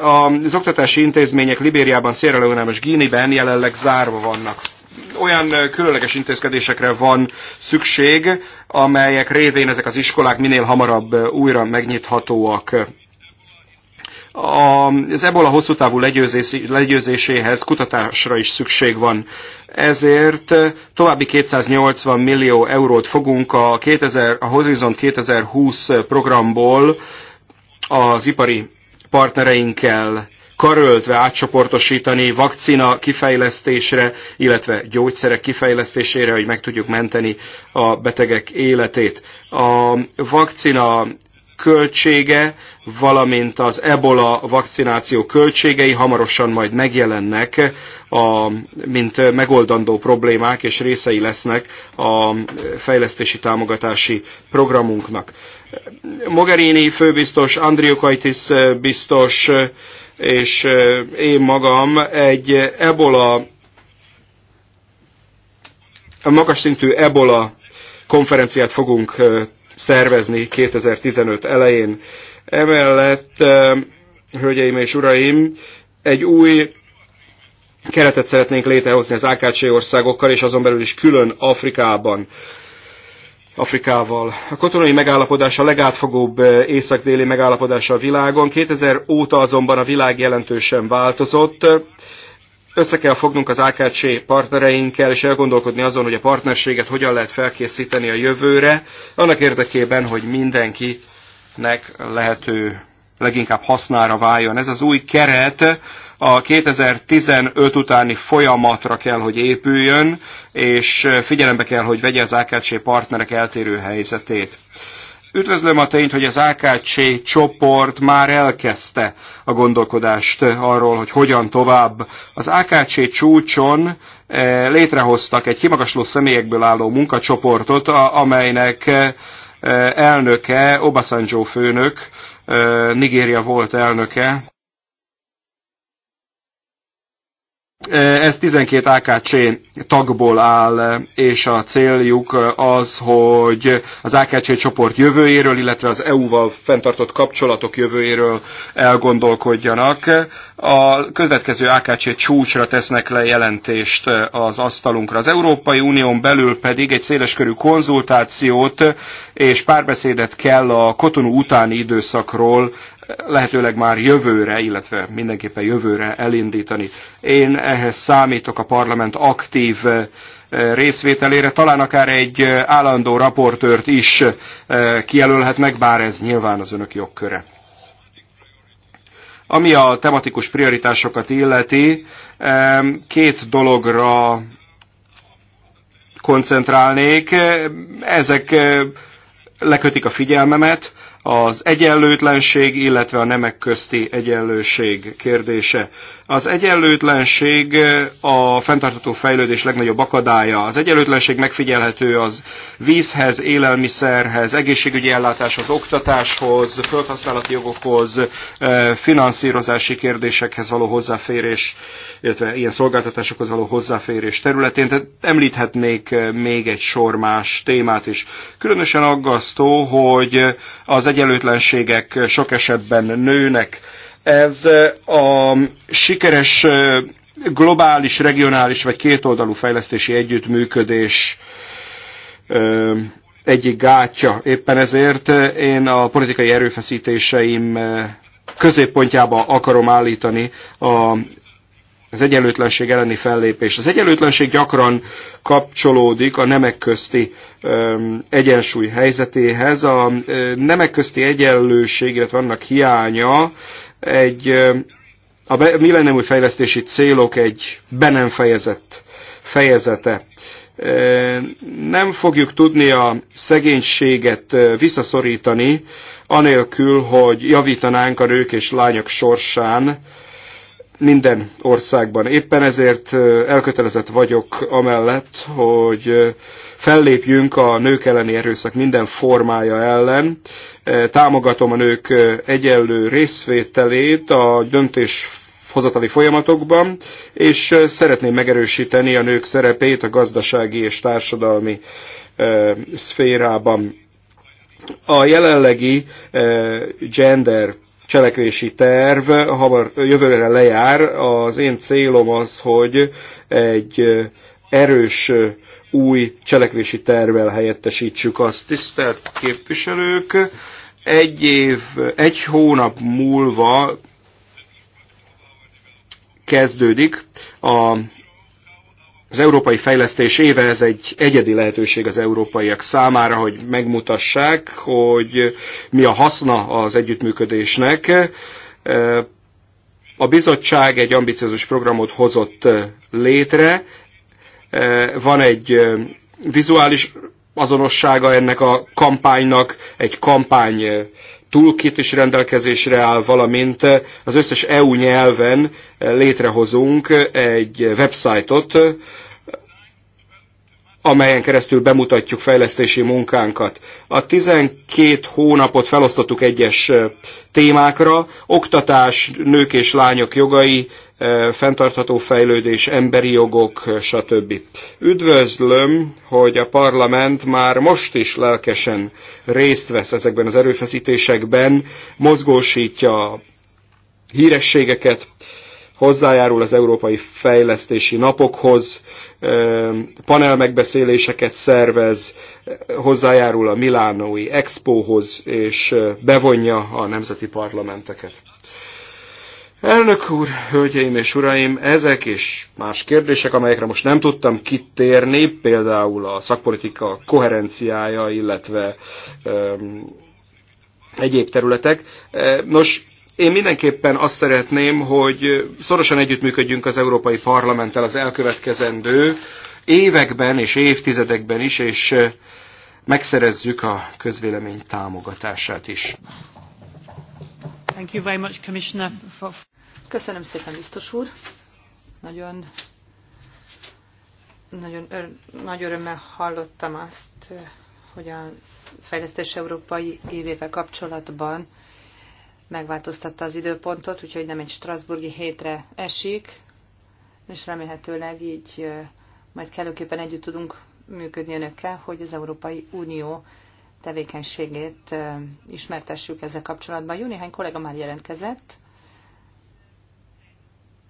Az oktatási intézmények Libériában, Sierra Leone-ban és Gíniben jelenleg zárva vannak olyan különleges intézkedésekre van szükség, amelyek révén ezek az iskolák minél hamarabb újra megnyithatóak. Az ebola hosszú távú legyőzéséhez kutatásra is szükség van. Ezért további 280 millió eurót fogunk a, 2000, a Horizon 2020 programból az ipari partnereinkkel karöltve átcsoportosítani vakcina kifejlesztésre, illetve gyógyszerek kifejlesztésére, hogy meg tudjuk menteni a betegek életét. A vakcina költsége, valamint az ebola vakcináció költségei hamarosan majd megjelennek, a, mint megoldandó problémák, és részei lesznek a fejlesztési támogatási programunknak. Mogherini főbiztos, Andriukaitis biztos, és én magam egy ebola, a magas szintű ebola konferenciát fogunk szervezni 2015 elején. Emellett, hölgyeim és uraim, egy új keretet szeretnénk létrehozni az AKC országokkal, és azon belül is külön Afrikában. Afrikával. A katonai megállapodás a legátfogóbb eh, észak-déli megállapodás a világon. 2000 óta azonban a világ jelentősen változott. Össze kell fognunk az AKC partnereinkkel, és elgondolkodni azon, hogy a partnerséget hogyan lehet felkészíteni a jövőre, annak érdekében, hogy mindenkinek lehető leginkább hasznára váljon. Ez az új keret a 2015 utáni folyamatra kell, hogy épüljön, és figyelembe kell, hogy vegye az AKC partnerek eltérő helyzetét. Üdvözlöm a tényt, hogy az AKC csoport már elkezdte a gondolkodást arról, hogy hogyan tovább. Az AKC csúcson eh, létrehoztak egy kimagasló személyekből álló munkacsoportot, amelynek eh, elnöke Obasanjo főnök, eh, Nigéria volt elnöke, Ez 12 AKC tagból áll, és a céljuk az, hogy az AKC csoport jövőjéről, illetve az EU-val fenntartott kapcsolatok jövőjéről elgondolkodjanak. A következő AKC csúcsra tesznek le jelentést az asztalunkra. Az Európai Unión belül pedig egy széleskörű konzultációt és párbeszédet kell a kotonú utáni időszakról lehetőleg már jövőre, illetve mindenképpen jövőre elindítani. Én ehhez számítok a parlament aktív aktív eh, részvételére, talán akár egy eh, állandó raportőrt is eh, kijelölhetnek, bár ez nyilván az önök jogköre. Ami a tematikus prioritásokat illeti, két dologra koncentrálnék. Ezek lekötik a figyelmemet, az egyenlőtlenség, illetve a nemek közti egyenlőség kérdése. Az egyenlőtlenség eh, a fenntartható fejlődés legnagyobb akadálya. Az egyenlőtlenség megfigyelhető az vízhez, élelmiszerhez, egészségügyi ellátáshoz, oktatáshoz, földhasználati jogokhoz, eh, finanszírozási kérdésekhez való hozzáférés, illetve ilyen szolgáltatásokhoz való hozzáférés területén. Tehát említhetnék eh, még egy sor más témát is. Különösen aggasztó, hogy az egyenlőtlenségek sok esetben nőnek, ez a sikeres globális, regionális vagy kétoldalú fejlesztési együttműködés egyik gátja. Éppen ezért én a politikai erőfeszítéseim középpontjába akarom állítani a, az egyenlőtlenség elleni fellépést. Az egyenlőtlenség gyakran kapcsolódik a nemek közti öm, egyensúly helyzetéhez. A ö, nemek közti egyenlőség, illetve annak hiánya egy, a millenniumi fejlesztési célok egy be nem fejezett fejezete. Nem fogjuk tudni a szegénységet visszaszorítani, anélkül, hogy javítanánk a nők és lányok sorsán, minden országban. Éppen ezért elkötelezett vagyok amellett, hogy fellépjünk a nők elleni erőszak minden formája ellen, Eh, támogatom a nők eh, egyenlő részvételét a döntés hozatali folyamatokban, és eh, szeretném megerősíteni a nők szerepét a gazdasági és társadalmi szférában. A jelenlegi gender cselekvési terv hamar jövőre lejár. Az én célom az, hogy egy erős új cselekvési tervvel helyettesítsük azt. Tisztelt képviselők, egy év, egy hónap múlva kezdődik a az európai fejlesztés éve ez egy egyedi lehetőség az európaiak számára, hogy megmutassák, hogy mi a haszna az együttműködésnek. A bizottság egy ambiciózus programot hozott létre, van egy vizuális azonossága ennek a kampánynak, egy kampány toolkit is rendelkezésre áll, valamint az összes EU nyelven létrehozunk egy websájtot, amelyen keresztül bemutatjuk fejlesztési munkánkat. A 12 hónapot felosztottuk egyes témákra, oktatás, nők és lányok jogai, fenntartható fejlődés, emberi jogok, stb. Üdvözlöm, hogy a parlament már most is lelkesen részt vesz ezekben az erőfeszítésekben, mozgósítja hírességeket, hozzájárul az európai fejlesztési napokhoz, panelmegbeszéléseket szervez, hozzájárul a Milánói Expóhoz, és bevonja a nemzeti parlamenteket. Elnök úr, hölgyeim és uraim, ezek és más kérdések, amelyekre most nem tudtam kitérni, például a szakpolitika koherenciája, illetve um, egyéb területek. Nos, én mindenképpen azt szeretném, hogy szorosan együttműködjünk az Európai Parlamenttel az elkövetkezendő években és évtizedekben is, és megszerezzük a közvélemény támogatását is. Thank you very much, Commissioner. Köszönöm szépen, biztos úr. Nagyon, nagyon ör, nagy örömmel hallottam azt, hogy a Fejlesztés Európai évével kapcsolatban megváltoztatta az időpontot, úgyhogy nem egy Strasburgi hétre esik, és remélhetőleg így majd kellőképpen együtt tudunk működni önökkel, hogy az Európai Unió tevékenységét ismertessük ezzel kapcsolatban. Jó néhány kollega már jelentkezett.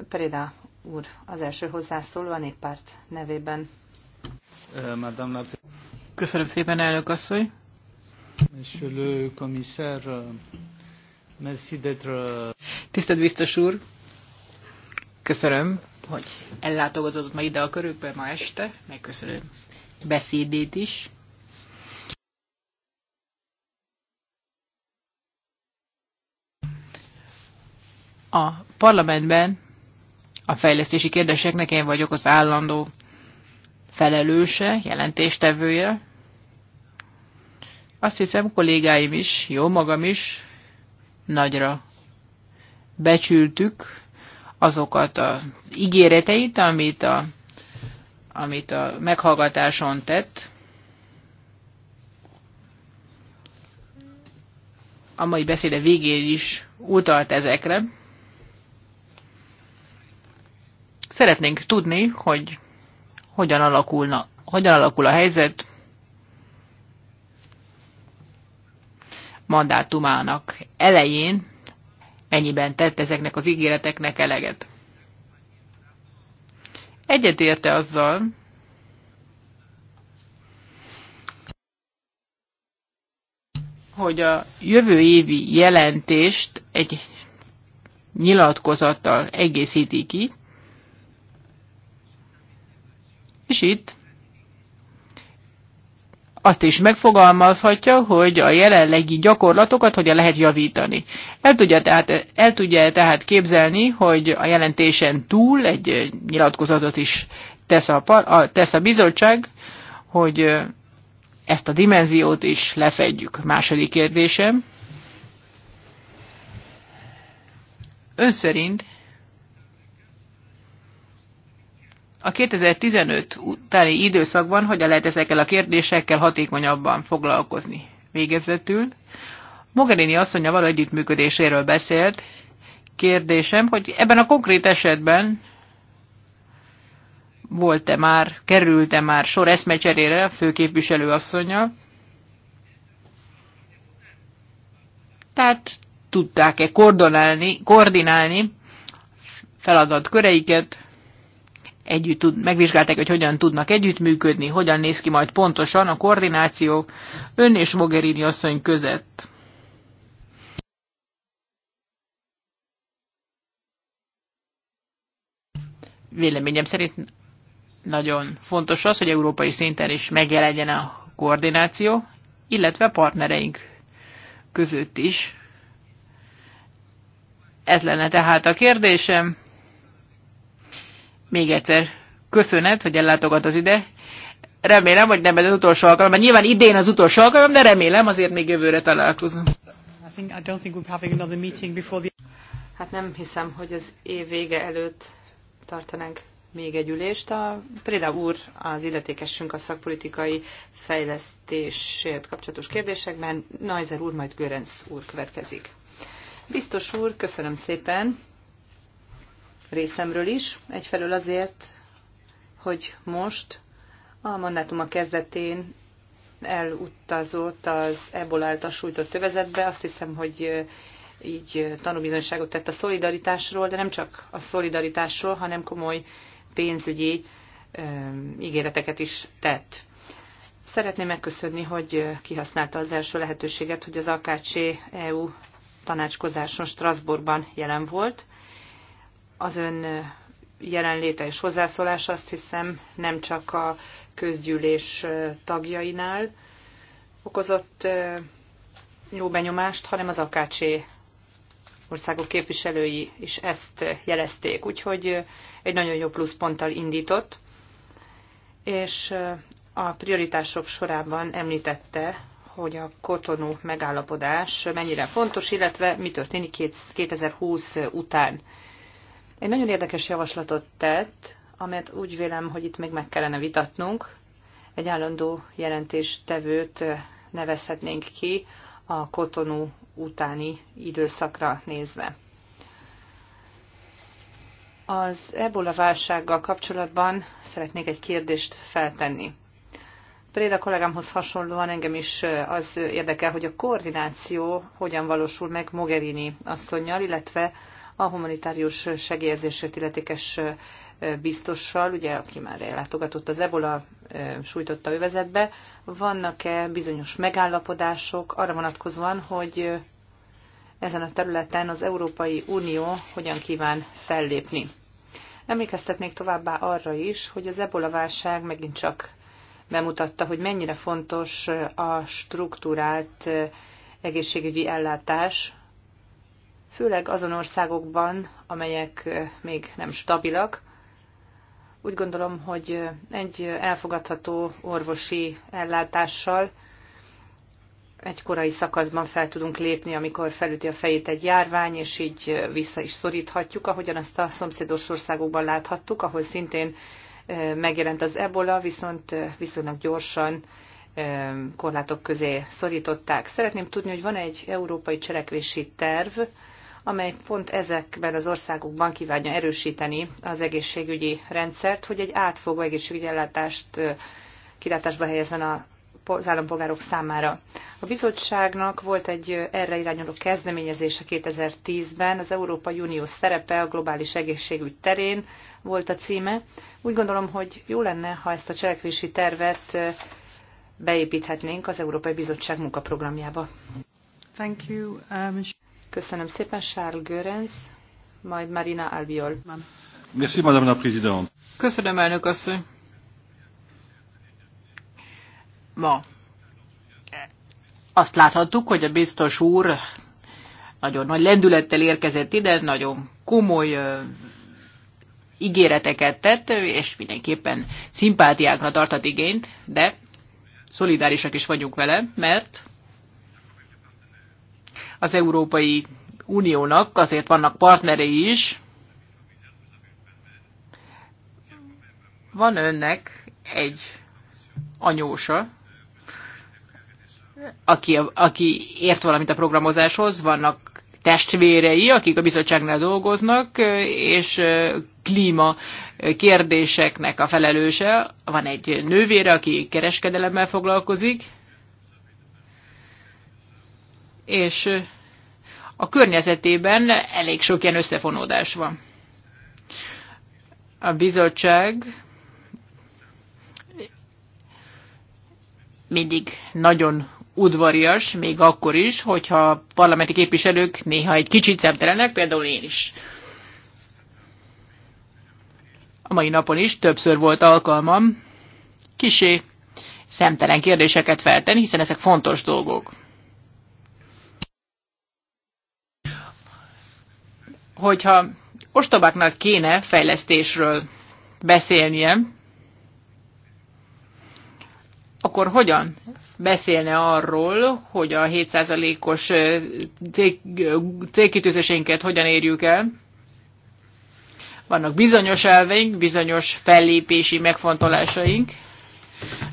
Preda úr az első hozzászóló a néppárt nevében. Köszönöm szépen, elnök asszony. Monsieur le commissaire, Euh, Tisztelt biztos úr, köszönöm, hogy ellátogatott ma ide a körökbe ma este, megköszönöm beszédét is. A parlamentben a fejlesztési kérdéseknek én vagyok az állandó felelőse, jelentéstevője. Azt hiszem kollégáim is, jó magam is nagyra becsültük azokat az ígéreteit, amit a, amit a meghallgatáson tett. A mai beszéde végén is utalt ezekre. Szeretnénk tudni, hogy hogyan, alakulna, hogyan alakul a helyzet mandátumának elején mennyiben tett ezeknek az ígéreteknek eleget. Egyetérte azzal, hogy a jövő évi jelentést egy nyilatkozattal egészíti ki, és itt azt is megfogalmazhatja, hogy a jelenlegi gyakorlatokat hogyan lehet javítani. El tudja tehát, el tudja tehát képzelni, hogy a jelentésen túl egy nyilatkozatot is tesz a, a, tesz a bizottság, hogy ezt a dimenziót is lefedjük. Második kérdésem. Ön szerint a 2015 utáni időszakban hogyan lehet ezekkel a kérdésekkel hatékonyabban foglalkozni. Végezetül Mogherini asszonya való együttműködéséről beszélt. Kérdésem, hogy ebben a konkrét esetben volt-e már, került-e már sor eszmecserére a főképviselő asszonya? Tehát tudták-e koordinálni, koordinálni feladatköreiket, együtt tud, megvizsgálták, hogy hogyan tudnak együttműködni, hogyan néz ki majd pontosan a koordináció ön és Mogherini asszony között. Véleményem szerint nagyon fontos az, hogy európai szinten is megjelenjen a koordináció, illetve partnereink között is. Ez lenne tehát a kérdésem. Még egyszer köszönet, hogy az ide. Remélem, hogy nem ez az utolsó alkalom, mert nyilván idén az utolsó alkalom, de remélem azért még jövőre találkozunk. Hát nem hiszem, hogy az év vége előtt tartanánk még egy ülést. A Préda úr az illetékesünk a szakpolitikai fejlesztésért kapcsolatos kérdésekben. Najzer úr, majd Görenc úr következik. Biztos úr, köszönöm szépen részemről is. Egyfelől azért, hogy most a mandátum a kezdetén elutazott az ebola által sújtott tövezetbe. Azt hiszem, hogy így tanúbizonyságot tett a szolidaritásról, de nem csak a szolidaritásról, hanem komoly pénzügyi ígéreteket is tett. Szeretném megköszönni, hogy kihasználta az első lehetőséget, hogy az AKC EU tanácskozáson Strasbourgban jelen volt, az ön jelenléte és hozzászólás azt hiszem nem csak a közgyűlés tagjainál okozott jó benyomást, hanem az akácsé országok képviselői is ezt jelezték. Úgyhogy egy nagyon jó pluszponttal indított, és a prioritások sorában említette, hogy a kotonú megállapodás mennyire fontos, illetve mi történik 2020 után. Egy nagyon érdekes javaslatot tett, amelyet úgy vélem, hogy itt még meg kellene vitatnunk. Egy állandó jelentéstevőt nevezhetnénk ki a kotonú utáni időszakra nézve. Az ebola válsággal kapcsolatban szeretnék egy kérdést feltenni. Préda kollégámhoz hasonlóan engem is az érdekel, hogy a koordináció hogyan valósul meg Mogherini asszonynal, illetve a humanitárius segélyezésért illetékes biztossal, ugye, aki már ellátogatott az ebola sújtotta övezetbe, vannak-e bizonyos megállapodások arra vonatkozóan, hogy ezen a területen az Európai Unió hogyan kíván fellépni. Emlékeztetnék továbbá arra is, hogy az ebola válság megint csak bemutatta, hogy mennyire fontos a struktúrált egészségügyi ellátás főleg azon országokban, amelyek még nem stabilak. Úgy gondolom, hogy egy elfogadható orvosi ellátással egy korai szakaszban fel tudunk lépni, amikor felüti a fejét egy járvány, és így vissza is szoríthatjuk, ahogyan azt a szomszédos országokban láthattuk, ahol szintén megjelent az ebola, viszont viszonylag gyorsan korlátok közé szorították. Szeretném tudni, hogy van egy európai cselekvési terv, amely pont ezekben az országokban kívánja erősíteni az egészségügyi rendszert, hogy egy átfogó egészségügyi ellátást kilátásba helyezzen a az állampolgárok számára. A bizottságnak volt egy erre irányuló kezdeményezése 2010-ben, az Európai Unió szerepe a globális egészségügy terén volt a címe. Úgy gondolom, hogy jó lenne, ha ezt a cselekvési tervet beépíthetnénk az Európai Bizottság munkaprogramjába. Thank you, um... Köszönöm szépen, Charles Görenz, majd Marina Albiol. Merci, Madame la Présidente. Köszönöm, elnök asszony. Ma azt láthattuk, hogy a biztos úr nagyon nagy lendülettel érkezett ide, nagyon komoly ígéreteket tett, és mindenképpen szimpátiákra tartat igényt, de szolidárisak is vagyunk vele, mert az Európai Uniónak, azért vannak partnerei is. Van önnek egy anyósa, aki, aki ért valamit a programozáshoz, vannak testvérei, akik a bizottságnál dolgoznak, és klíma kérdéseknek a felelőse. Van egy nővére, aki kereskedelemmel foglalkozik, és a környezetében elég sok ilyen összefonódás van. A bizottság mindig nagyon udvarias, még akkor is, hogyha parlamenti képviselők néha egy kicsit szemtelenek, például én is. A mai napon is többször volt alkalmam kisé szemtelen kérdéseket feltenni, hiszen ezek fontos dolgok. hogyha ostobáknak kéne fejlesztésről beszélnie, akkor hogyan beszélne arról, hogy a 7%-os célkitűzéseinket hogyan érjük el? Vannak bizonyos elveink, bizonyos fellépési megfontolásaink.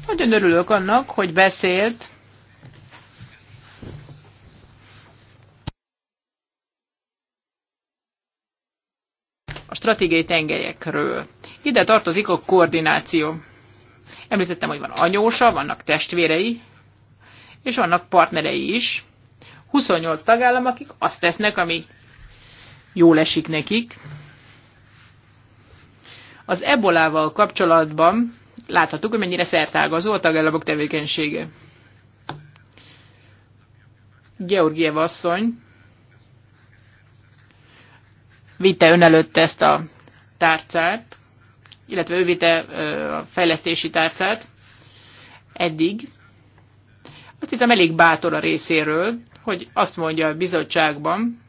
Nagyon örülök annak, hogy beszélt stratégiai tengelyekről. Ide tartozik a koordináció. Említettem, hogy van anyósa, vannak testvérei, és vannak partnerei is. 28 tagállam, akik azt tesznek, ami jól esik nekik. Az ebolával kapcsolatban láthattuk, hogy mennyire szertágazó a tagállamok tevékenysége. Georgiev asszony vitte ön előtt ezt a tárcát, illetve ő vitte a fejlesztési tárcát eddig. Azt hiszem elég bátor a részéről, hogy azt mondja a bizottságban,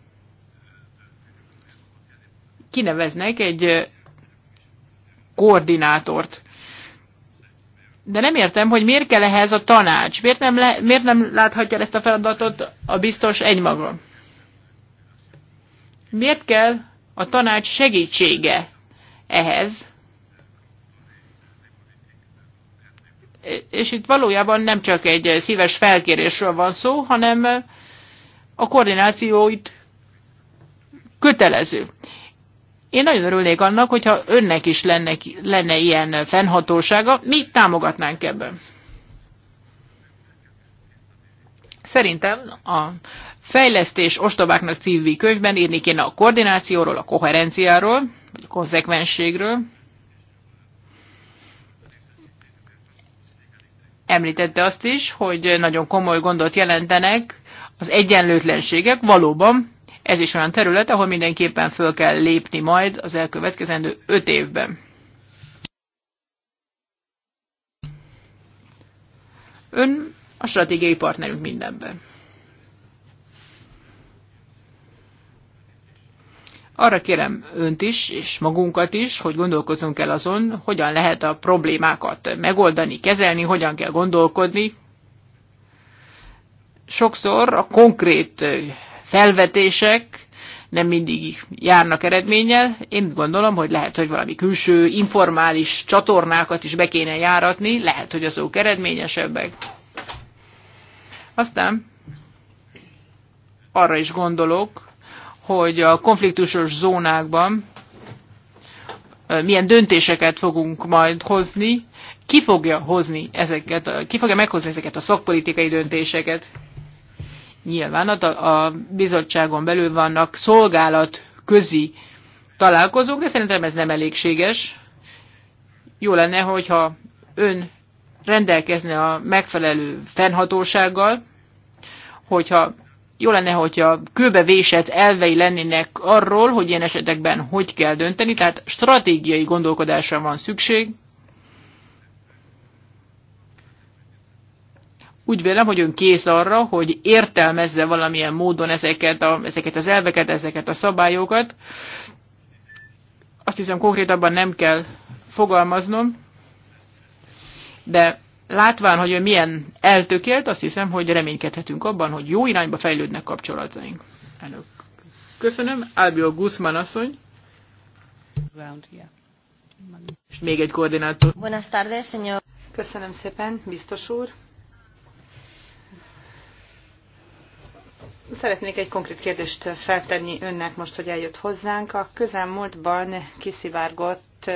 kineveznek egy koordinátort. De nem értem, hogy miért kell ehhez a tanács, miért nem, le, miért nem láthatja ezt a feladatot a biztos egymaga. Miért kell a tanács segítsége ehhez. És itt valójában nem csak egy szíves felkérésről van szó, hanem a koordináció itt kötelező. Én nagyon örülnék annak, hogyha önnek is lenne, lenne ilyen fennhatósága, mi támogatnánk ebben. Szerintem a fejlesztés ostobáknak című könyvben írni kéne a koordinációról, a koherenciáról, vagy a konzekvenségről. Említette azt is, hogy nagyon komoly gondot jelentenek az egyenlőtlenségek. Valóban ez is olyan terület, ahol mindenképpen föl kell lépni majd az elkövetkezendő öt évben. Ön a stratégiai partnerünk mindenben. Arra kérem önt is, és magunkat is, hogy gondolkozzunk el azon, hogyan lehet a problémákat megoldani, kezelni, hogyan kell gondolkodni. Sokszor a konkrét felvetések nem mindig járnak eredménnyel. Én gondolom, hogy lehet, hogy valami külső informális csatornákat is be kéne járatni, lehet, hogy azok eredményesebbek. Aztán arra is gondolok, hogy a konfliktusos zónákban milyen döntéseket fogunk majd hozni, ki fogja hozni ezeket, ki fogja meghozni ezeket a szakpolitikai döntéseket. Nyilván a, a bizottságon belül vannak szolgálat közi találkozók, de szerintem ez nem elégséges. Jó lenne, hogyha ön rendelkezne a megfelelő fennhatósággal, hogyha jó lenne, hogyha kőbevésett elvei lennének arról, hogy ilyen esetekben hogy kell dönteni, tehát stratégiai gondolkodásra van szükség. Úgy vélem, hogy ön kész arra, hogy értelmezze valamilyen módon ezeket, a, ezeket az elveket, ezeket a szabályokat. Azt hiszem konkrétabban nem kell fogalmaznom, de Látván, hogy ő milyen eltökélt, azt hiszem, hogy reménykedhetünk abban, hogy jó irányba fejlődnek kapcsolataink. Elnök. Köszönöm. Álbió Guzman asszony. És még egy koordinátor. Buenas tardes, señor. Köszönöm szépen, biztos úr. Szeretnék egy konkrét kérdést feltenni önnek most, hogy eljött hozzánk. A közelmúltban kiszivárgott,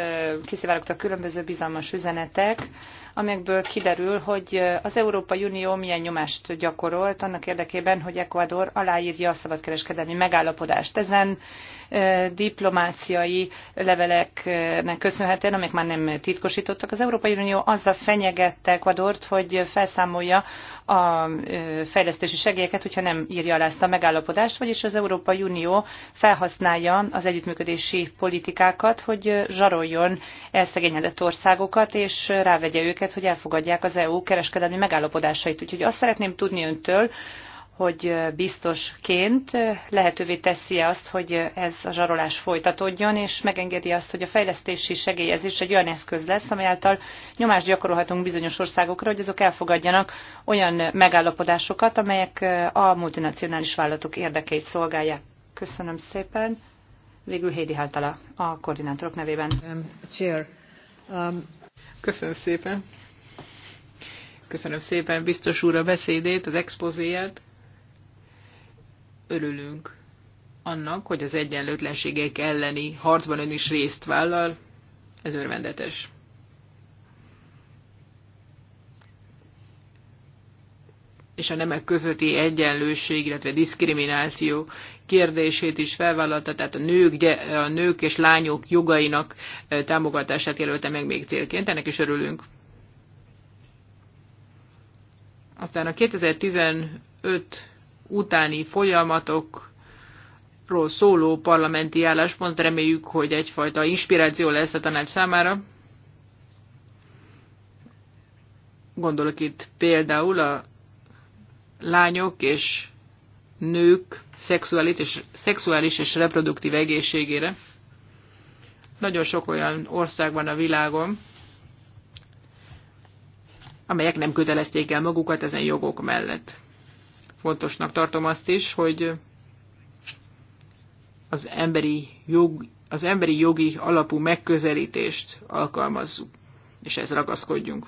a különböző bizalmas üzenetek, amelyekből kiderül, hogy az Európai Unió milyen nyomást gyakorolt annak érdekében, hogy Ecuador aláírja a szabadkereskedelmi megállapodást. Ezen diplomáciai leveleknek köszönhetően, amik már nem titkosítottak. Az Európai Unió azzal fenyegette Ecuadort, hogy felszámolja a fejlesztési segélyeket, hogyha nem írja alá ezt a megállapodást, vagyis az Európai Unió felhasználja az együttműködési politikákat, hogy zsaroljon elszegényedett országokat, és rávegye őket, hogy elfogadják az EU kereskedelmi megállapodásait. Úgyhogy azt szeretném tudni öntől, hogy biztosként lehetővé teszi azt, hogy ez a zsarolás folytatódjon, és megengedi azt, hogy a fejlesztési segélyezés egy olyan eszköz lesz, amely által nyomást gyakorolhatunk bizonyos országokra, hogy azok elfogadjanak olyan megállapodásokat, amelyek a multinacionális vállalatok érdekeit szolgálják. Köszönöm szépen. Végül Hédi Háltala a koordinátorok nevében. Um, chair. Um, Köszönöm szépen. Köszönöm szépen biztos úr a beszédét, az expozéját örülünk annak, hogy az egyenlőtlenségek elleni harcban ön is részt vállal. Ez örvendetes. és a nemek közötti egyenlőség, illetve diszkrimináció kérdését is felvállalta, tehát a nők, a nők és lányok jogainak támogatását jelölte meg még célként, ennek is örülünk. Aztán a 2015 utáni folyamatokról szóló parlamenti álláspont. Reméljük, hogy egyfajta inspiráció lesz a tanács számára. Gondolok itt például a lányok és nők szexuális és, szexuális és reproduktív egészségére. Nagyon sok olyan ország van a világon, amelyek nem kötelezték el magukat ezen jogok mellett. Fontosnak tartom azt is, hogy az emberi, jog, az emberi jogi alapú megközelítést alkalmazzuk, és ez ragaszkodjunk.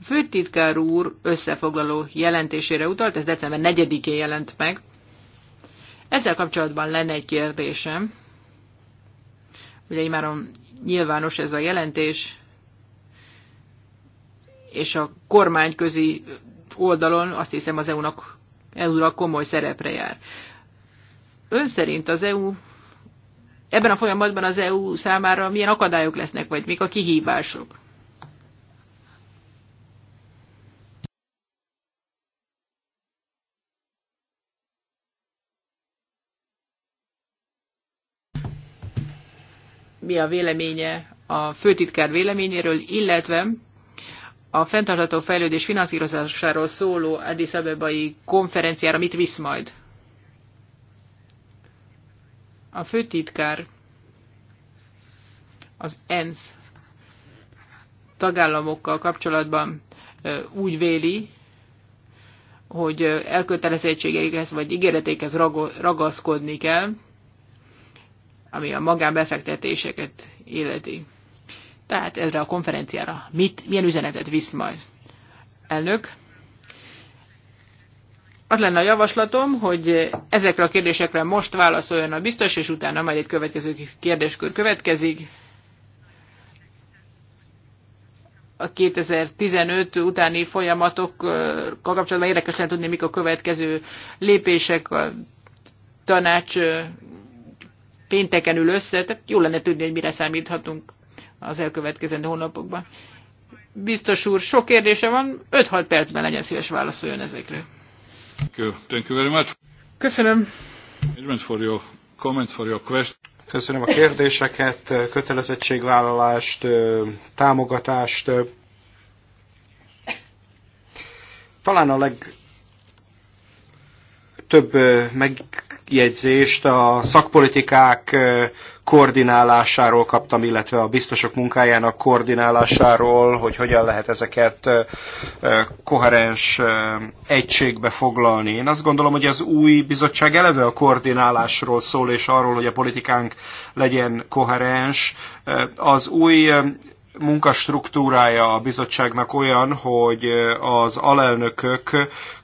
A főtitkár úr összefoglaló jelentésére utalt, ez december 4-én jelent meg. Ezzel kapcsolatban lenne egy kérdésem. Ugye imáron nyilvános ez a jelentés, és a kormányközi oldalon azt hiszem az EU-nak EU-ra komoly szerepre jár. Ön szerint az EU ebben a folyamatban az EU számára milyen akadályok lesznek, vagy mik a kihívások? mi a véleménye a főtitkár véleményéről, illetve a fenntartható fejlődés finanszírozásáról szóló Addis Abebai konferenciára mit visz majd? A főtitkár az ENSZ tagállamokkal kapcsolatban úgy véli, hogy elkötelezettségeikhez vagy ígéretékhez ragaszkodni kell, ami a magánbefektetéseket illeti. Tehát erre a konferenciára mit, milyen üzenetet visz majd? Elnök, az lenne a javaslatom, hogy ezekre a kérdésekre most válaszoljon a biztos, és utána majd egy következő kérdéskör következik. A 2015 utáni folyamatokkal kapcsolatban érdekes lehet tudni, mik a következő lépések, a tanács pénteken ül össze, tehát jó lenne tudni, hogy mire számíthatunk az elkövetkezendő hónapokban. Biztos úr, sok kérdése van, 5-6 percben legyen szíves válaszoljon ezekre. Thank you very much. Köszönöm. For your comments, for your question. Köszönöm a kérdéseket, kötelezettségvállalást, támogatást. Talán a legtöbb meg kiegyzést a szakpolitikák koordinálásáról kaptam, illetve a biztosok munkájának koordinálásáról, hogy hogyan lehet ezeket koherens egységbe foglalni. Én azt gondolom, hogy az új bizottság eleve a koordinálásról szól, és arról, hogy a politikánk legyen koherens. Az új munkastruktúrája a bizottságnak olyan, hogy az alelnökök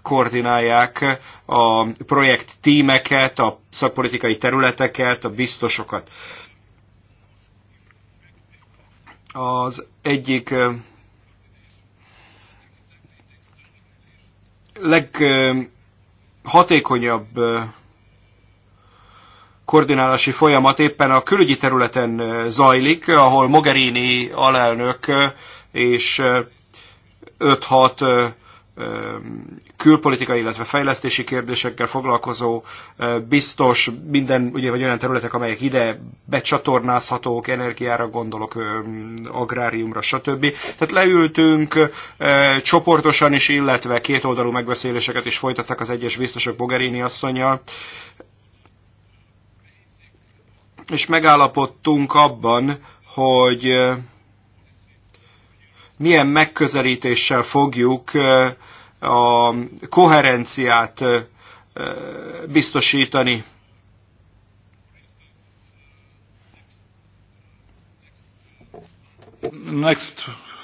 koordinálják a projekt tímeket, a szakpolitikai területeket, a biztosokat. Az egyik leghatékonyabb koordinálási folyamat éppen a külügyi területen eh, zajlik, ahol Mogherini alelnök eh, és 5-6 eh, külpolitikai, illetve fejlesztési kérdésekkel foglalkozó biztos minden, ugye, vagy olyan területek, amelyek ide becsatornázhatók, energiára gondolok, agráriumra, stb. Tehát leültünk csoportosan is, illetve kétoldalú megbeszéléseket is folytattak az egyes biztosok Bogerini asszonyjal és megállapodtunk abban, hogy milyen megközelítéssel fogjuk a koherenciát biztosítani. Next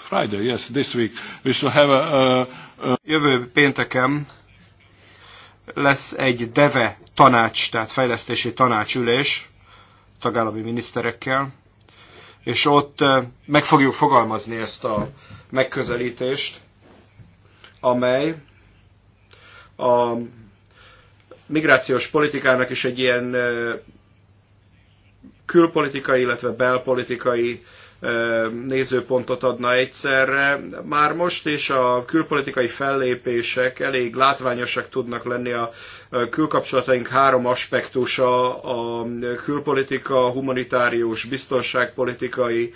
Friday, yes, this week we shall have a, a, a... Jövő pénteken lesz egy DEVE tanács, tehát fejlesztési tanácsülés tagállami miniszterekkel, és ott eh, meg fogjuk fogalmazni ezt a megközelítést, amely a migrációs politikának is egy ilyen eh, külpolitikai, illetve belpolitikai nézőpontot adna egyszerre. Már most is a külpolitikai fellépések elég látványosak tudnak lenni a külkapcsolataink három aspektusa, a külpolitika, humanitárius, biztonságpolitikai,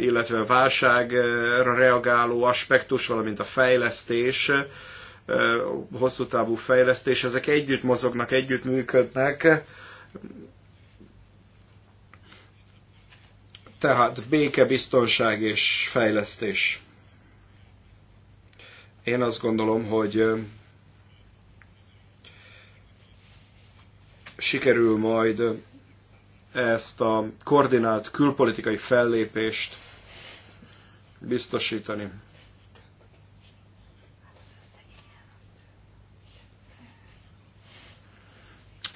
illetve válságra reagáló aspektus, valamint a fejlesztés hosszú távú fejlesztés, ezek együtt mozognak, együtt működnek Tehát béke, biztonság és fejlesztés. Én azt gondolom, hogy sikerül majd ezt a koordinált külpolitikai fellépést biztosítani.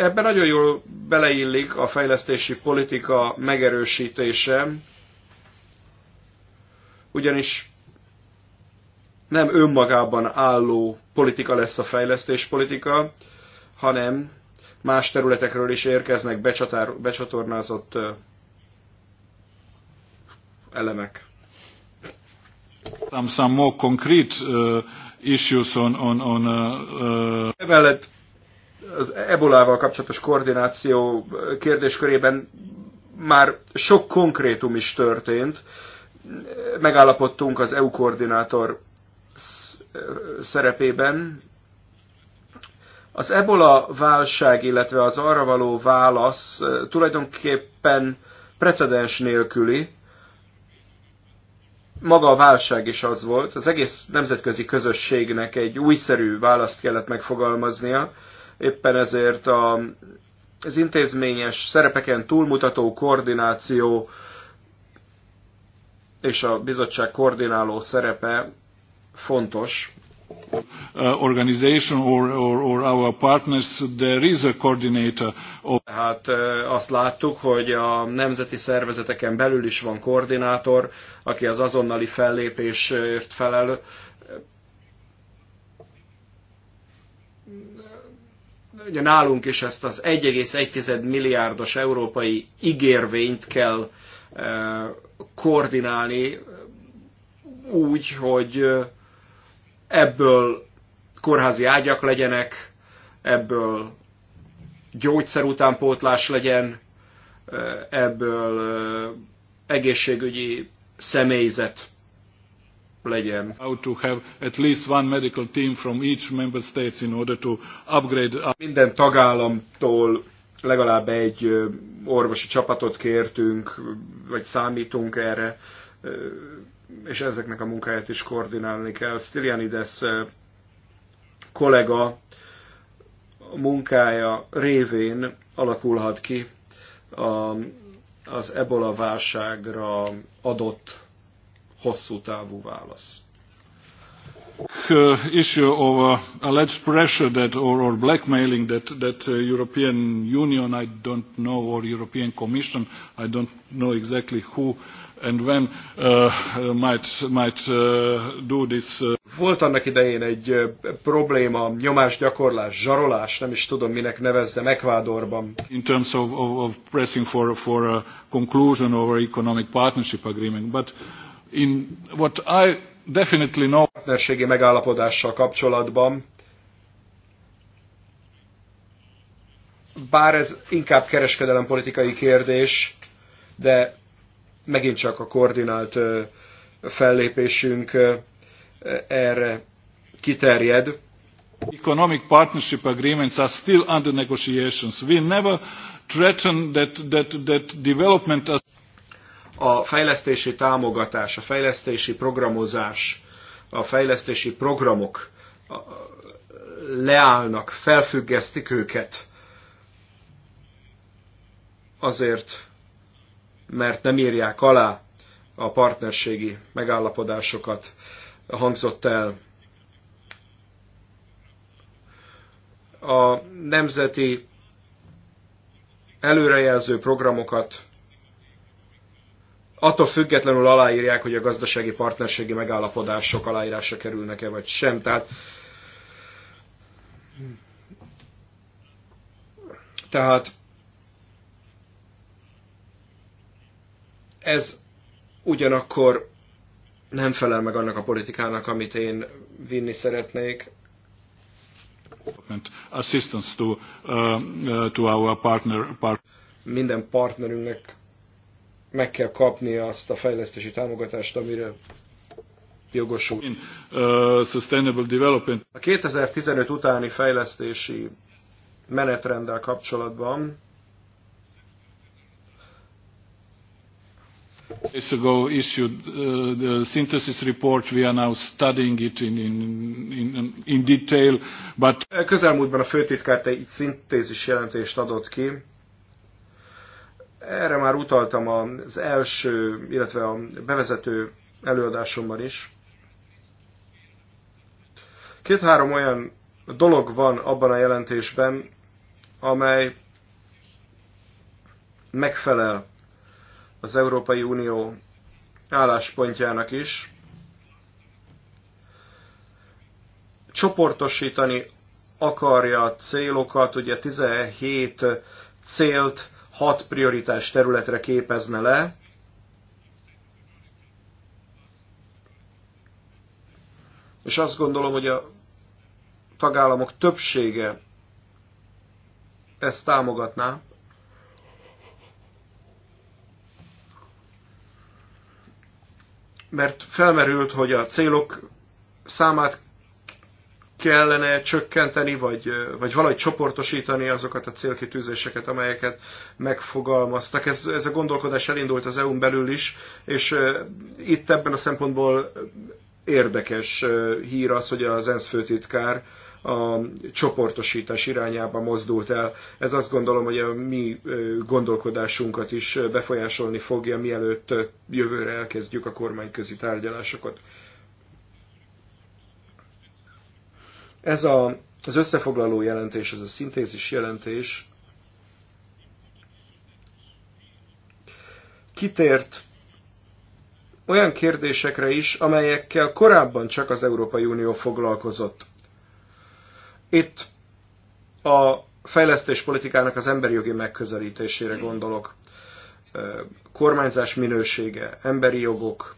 Ebben nagyon jól beleillik a fejlesztési politika megerősítése, ugyanis nem önmagában álló politika lesz a fejlesztés politika, hanem más területekről is érkeznek becsatár, becsatornázott elemek. Some, some more concrete uh, issues on... on, on uh, uh az ebolával kapcsolatos koordináció kérdéskörében már sok konkrétum is történt. Megállapodtunk az EU koordinátor szerepében. Az ebola válság, illetve az arra való válasz eh, tulajdonképpen precedens nélküli. Maga a válság is az volt. Az egész nemzetközi közösségnek egy újszerű választ kellett megfogalmaznia Éppen ezért a, az intézményes szerepeken túlmutató koordináció és a bizottság koordináló szerepe fontos. Uh, organization or, or, or our partners, there is a coordinator. Of... Hát uh, azt láttuk, hogy a nemzeti szervezeteken belül is van koordinátor, aki az azonnali fellépésért felel ugye nálunk is ezt az 1,1 milliárdos európai ígérvényt kell eh, koordinálni úgy, hogy eh, ebből kórházi ágyak legyenek, ebből gyógyszer utánpótlás legyen, eh, ebből egészségügyi személyzet legyen. Minden tagállamtól legalább egy orvosi csapatot kértünk, vagy számítunk erre, és ezeknek a munkáját is koordinálni kell. Stylianides kollega a munkája révén alakulhat ki a, az ebola válságra adott hosszú távú válasz. Uh, issue of uh, alleged pressure that or, or blackmailing that that uh, European Union I don't know or European Commission I don't know exactly who and when uh, might might uh, do this. Uh... Volt annak idején egy uh, probléma, probléma, gyakorlás, zsarolás, nem is tudom minek nevezzem, Ecuadorban. In terms of, of, of pressing for for a conclusion of our economic partnership agreement, but In what I definitely know... partnerségi megállapodással kapcsolatban, bár ez inkább kereskedelem politikai kérdés, de megint csak a koordinált fellépésünk erre kiterjed. Economic partnership agreements are still under negotiations. We never threaten that, that, that development a fejlesztési támogatás, a fejlesztési programozás, a fejlesztési programok leállnak, felfüggesztik őket azért, mert nem írják alá a partnerségi megállapodásokat, hangzott el a nemzeti előrejelző programokat attól függetlenül aláírják, hogy a gazdasági partnerségi megállapodások aláírásra kerülnek-e vagy sem. Tehát, tehát ez ugyanakkor nem felel meg annak a politikának, amit én vinni szeretnék. Assistance to, uh, to our partner, part... Minden partnerünknek meg kell kapni azt a fejlesztési támogatást, amire jogosult. Uh, sustainable development. A 2015 utáni fejlesztési menetrenddel kapcsolatban days ago issued uh, the synthesis report. We are now studying it in, in, in, in detail. But Közelmúltban a főtitkár egy szintézis jelentést adott ki, erre már utaltam az első, illetve a bevezető előadásomban is. Két-három olyan dolog van abban a jelentésben, amely megfelel az Európai Unió álláspontjának is. Csoportosítani akarja a célokat, ugye 17 célt hat prioritás területre képezne le, és azt gondolom, hogy a tagállamok többsége ezt támogatná. Mert felmerült, hogy a célok számát kellene csökkenteni, vagy, vagy valahogy csoportosítani azokat a célkitűzéseket, amelyeket megfogalmaztak. Ez, ez a gondolkodás elindult az EU-n belül is, és itt ebben a szempontból érdekes hír az, hogy az ENSZ főtitkár a csoportosítás irányába mozdult el. Ez azt gondolom, hogy a mi gondolkodásunkat is befolyásolni fogja, mielőtt jövőre elkezdjük a kormányközi tárgyalásokat. Ez a, az összefoglaló jelentés, ez a szintézis jelentés kitért olyan kérdésekre is, amelyekkel korábban csak az Európai Unió foglalkozott. Itt a fejlesztéspolitikának az emberi jogi megközelítésére gondolok. Kormányzás minősége, emberi jogok,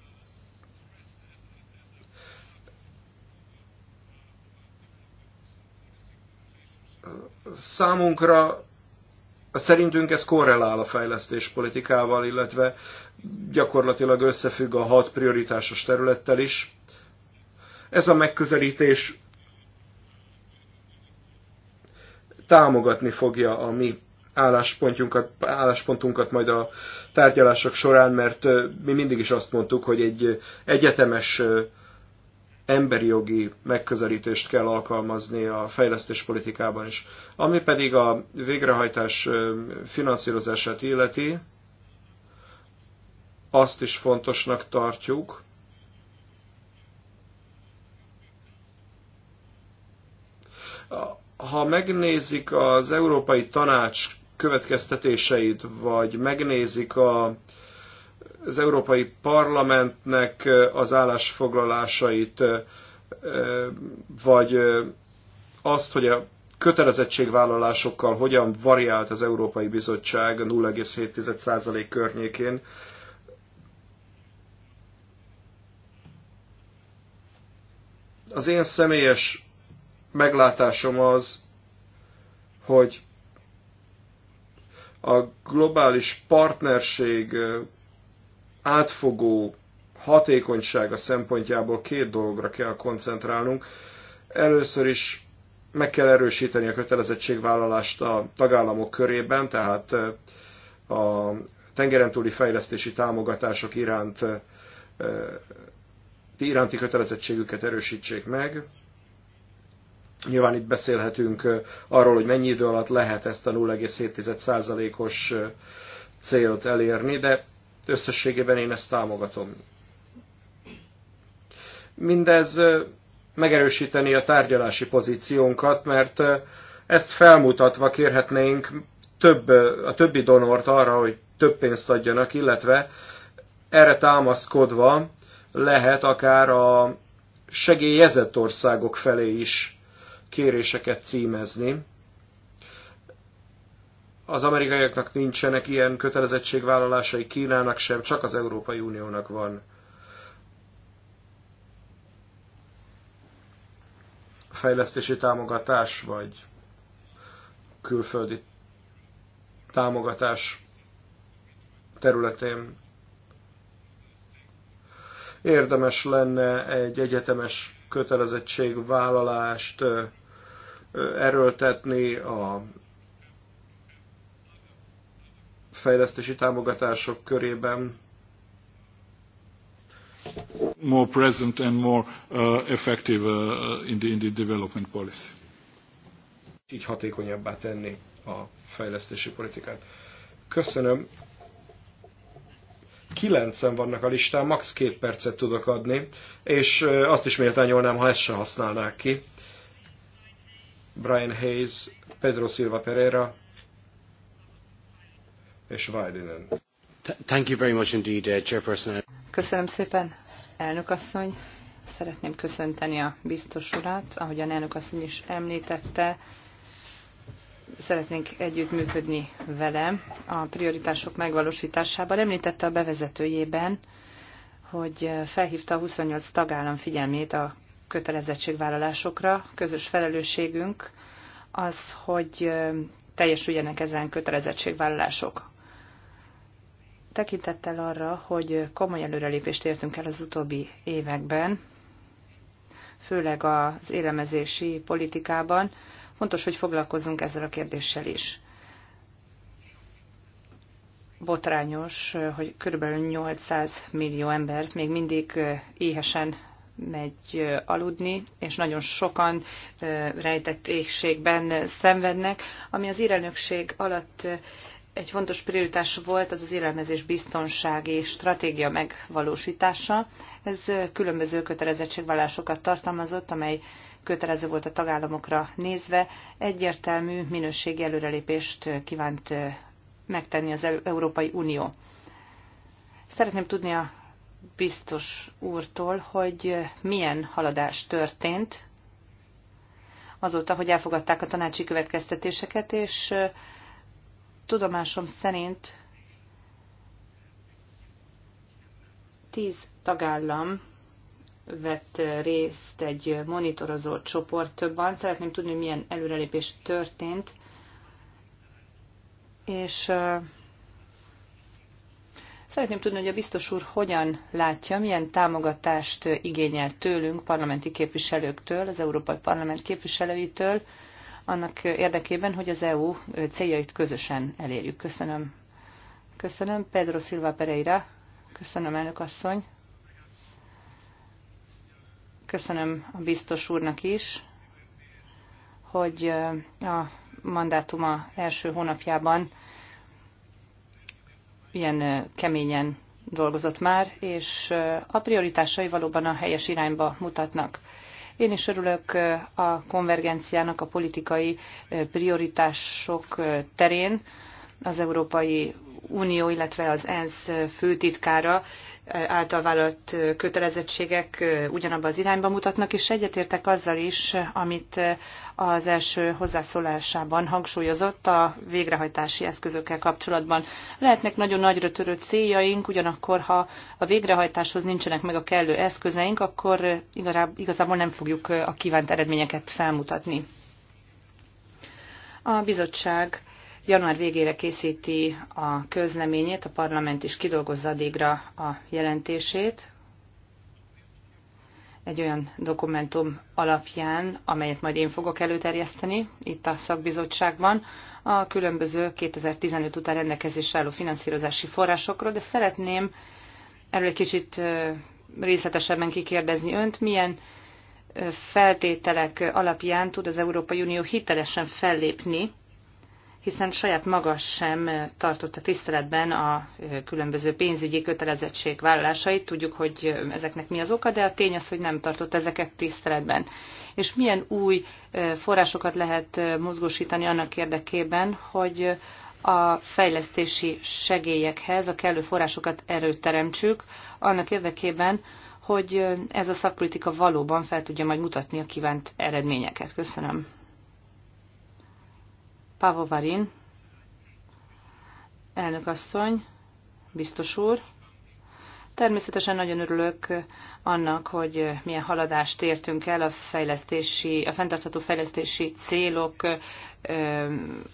Számunkra szerintünk ez korrelál a fejlesztéspolitikával, illetve gyakorlatilag összefügg a hat prioritásos területtel is. Ez a megközelítés támogatni fogja a mi álláspontunkat, álláspontunkat majd a tárgyalások során, mert mi mindig is azt mondtuk, hogy egy egyetemes emberi jogi megközelítést kell alkalmazni a fejlesztéspolitikában is. Ami pedig a végrehajtás finanszírozását illeti, azt is fontosnak tartjuk, ha megnézik az Európai Tanács következtetéseit, vagy megnézik a az Európai Parlamentnek az állásfoglalásait, vagy azt, hogy a kötelezettségvállalásokkal hogyan variált az Európai Bizottság 0,7% környékén. Az én személyes meglátásom az, hogy a globális partnerség átfogó hatékonysága szempontjából két dologra kell koncentrálnunk. Először is meg kell erősíteni a kötelezettségvállalást a tagállamok körében, tehát a tengeren túli fejlesztési támogatások iránt, iránti kötelezettségüket erősítsék meg. Nyilván itt beszélhetünk arról, hogy mennyi idő alatt lehet ezt a 0,7%-os célt elérni, de Összességében én ezt támogatom. Mindez megerősíteni a tárgyalási pozíciónkat, mert ezt felmutatva kérhetnénk több, a többi donort arra, hogy több pénzt adjanak, illetve erre támaszkodva lehet akár a segélyezett országok felé is kéréseket címezni. Az amerikaiaknak nincsenek ilyen kötelezettségvállalásai, Kínának sem, csak az Európai Uniónak van. Fejlesztési támogatás, vagy külföldi támogatás területén érdemes lenne egy egyetemes kötelezettségvállalást erőltetni a fejlesztési támogatások körében more present and more uh, effective uh, in, the, in the development policy. Így hatékonyabbá tenni a fejlesztési politikát. Köszönöm. Kilencen vannak a listán, max. két percet tudok adni, és azt is méltányolnám, ha ezt se használnák ki. Brian Hayes, Pedro Silva Pereira, és Vajdinen. Thank you very much indeed, uh, Chairperson. Köszönöm szépen, elnök asszony. Szeretném köszönteni a biztos urat, ahogyan elnök asszony is említette. Szeretnénk együttműködni vele a prioritások megvalósításában. Említette a bevezetőjében, hogy felhívta a 28 tagállam figyelmét a kötelezettségvállalásokra. Közös felelősségünk az, hogy teljesüljenek ezen kötelezettségvállalások. Tekintettel arra, hogy komoly előrelépést értünk el az utóbbi években, főleg az élemezési politikában, fontos, hogy foglalkozzunk ezzel a kérdéssel is. Botrányos, hogy kb. 800 millió ember még mindig éhesen megy aludni, és nagyon sokan rejtett éhségben szenvednek, ami az írelnökség alatt egy fontos prioritás volt az az élelmezés biztonsági stratégia megvalósítása. Ez különböző kötelezettségvállásokat tartalmazott, amely kötelező volt a tagállamokra nézve. Egyértelmű minőségi előrelépést kívánt megtenni az Európai Unió. Szeretném tudni a biztos úrtól, hogy milyen haladás történt azóta, hogy elfogadták a tanácsi következtetéseket, és tudomásom szerint tíz tagállam vett részt egy monitorozó csoportban. Szeretném tudni, milyen előrelépés történt, és Szeretném tudni, hogy a biztos úr hogyan látja, milyen támogatást igényel tőlünk, parlamenti képviselőktől, az Európai Parlament képviselőitől, annak érdekében, hogy az EU céljait közösen elérjük. Köszönöm. Köszönöm. Pedro Silva Pereira. Köszönöm, elnök asszony. Köszönöm a biztos úrnak is, hogy a mandátuma első hónapjában ilyen keményen dolgozott már, és a prioritásai valóban a helyes irányba mutatnak. Én is örülök a konvergenciának a politikai prioritások terén. Az Európai Unió, illetve az ENSZ főtitkára által vállalt kötelezettségek ugyanabba az irányba mutatnak, és egyetértek azzal is, amit az első hozzászólásában hangsúlyozott a végrehajtási eszközökkel kapcsolatban. Lehetnek nagyon nagyra törő céljaink, ugyanakkor ha a végrehajtáshoz nincsenek meg a kellő eszközeink, akkor igazából nem fogjuk a kívánt eredményeket felmutatni. A bizottság január végére készíti a közleményét, a parlament is kidolgozza addigra a jelentését, egy olyan dokumentum alapján, amelyet majd én fogok előterjeszteni itt a szakbizottságban, a különböző 2015 után rendelkezésre álló finanszírozási forrásokról, de szeretném erről egy kicsit részletesebben kikérdezni önt, milyen feltételek alapján tud az Európai Unió hitelesen fellépni hiszen saját maga sem tartotta tiszteletben a különböző pénzügyi kötelezettség vállalásait. Tudjuk, hogy ezeknek mi az oka, de a tény az, hogy nem tartott ezeket tiszteletben. És milyen új forrásokat lehet mozgósítani annak érdekében, hogy a fejlesztési segélyekhez a kellő forrásokat teremtsük, annak érdekében, hogy ez a szakpolitika valóban fel tudja majd mutatni a kívánt eredményeket. Köszönöm. Pavo Varin, elnökasszony, biztos úr, Természetesen nagyon örülök annak, hogy milyen haladást értünk el a, fejlesztési, a fenntartható fejlesztési célok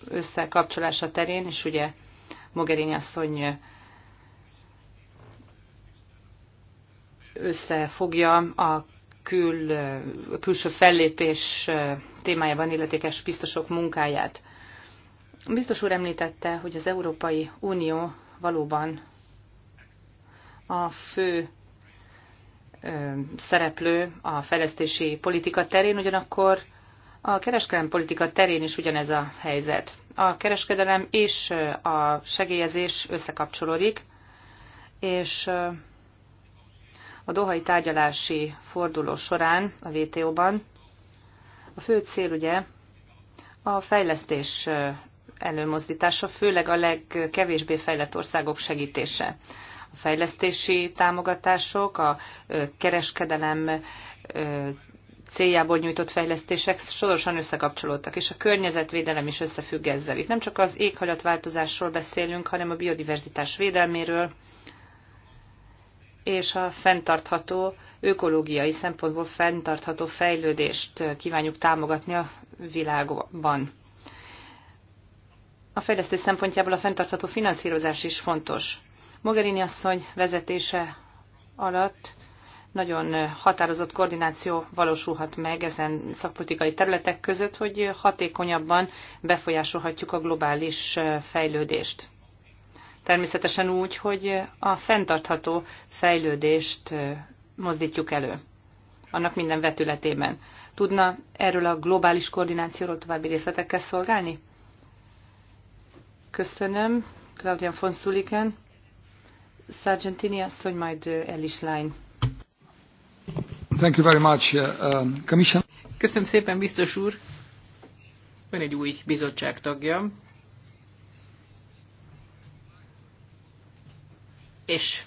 összekapcsolása terén, és ugye Mogherini asszony összefogja a kül, külső fellépés témájában illetékes biztosok munkáját. Biztos úr említette, hogy az Európai Unió valóban a fő szereplő a fejlesztési politika terén, ugyanakkor a kereskedelem politika terén is ugyanez a helyzet. A kereskedelem és a segélyezés összekapcsolódik, és a dohai tárgyalási forduló során a WTO-ban a fő cél ugye a fejlesztés előmozdítása, főleg a legkevésbé fejlett országok segítése. A fejlesztési támogatások, a kereskedelem céljából nyújtott fejlesztések sorosan összekapcsolódtak, és a környezetvédelem is összefügg ezzel. Itt nem csak az éghajlatváltozásról beszélünk, hanem a biodiverzitás védelméről és a fenntartható, ökológiai szempontból fenntartható fejlődést kívánjuk támogatni a világban. A fejlesztés szempontjából a fenntartható finanszírozás is fontos. Mogherini asszony vezetése alatt nagyon határozott koordináció valósulhat meg ezen szakpolitikai területek között, hogy hatékonyabban befolyásolhatjuk a globális fejlődést. Természetesen úgy, hogy a fenntartható fejlődést mozdítjuk elő annak minden vetületében. Tudna erről a globális koordinációról további részletekkel szolgálni? Köszönöm. Claudia von Szuliken. Sargentini asszony, majd el line. Thank you very much, uh, um, Commission. Köszönöm szépen, biztos úr. Van egy új bizottság tagja. És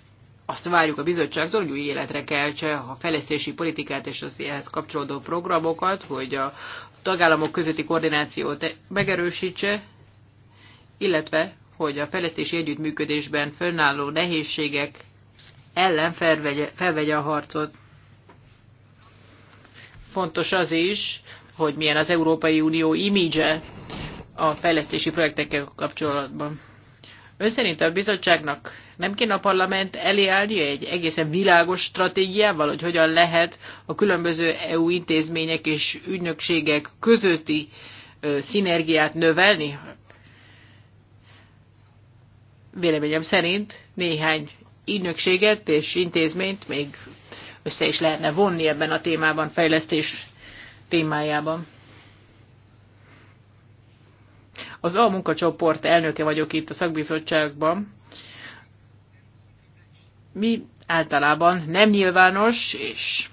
azt várjuk a bizottságtól, hogy új életre keltse a fejlesztési politikát és az ehhez kapcsolódó programokat, hogy a tagállamok közötti koordinációt megerősítse, illetve hogy a fejlesztési együttműködésben fönnálló nehézségek ellen felvegye, felvegye a harcot. Fontos az is, hogy milyen az Európai Unió imidzse a fejlesztési projektekkel kapcsolatban. Ön szerint a bizottságnak nem kéne a parlament elé állnia egy egészen világos stratégiával, hogy hogyan lehet a különböző EU intézmények és ügynökségek közötti szinergiát növelni, véleményem szerint néhány ügynökséget és intézményt még össze is lehetne vonni ebben a témában, fejlesztés témájában. Az A munkacsoport elnöke vagyok itt a szakbizottságban. Mi általában nem nyilvános és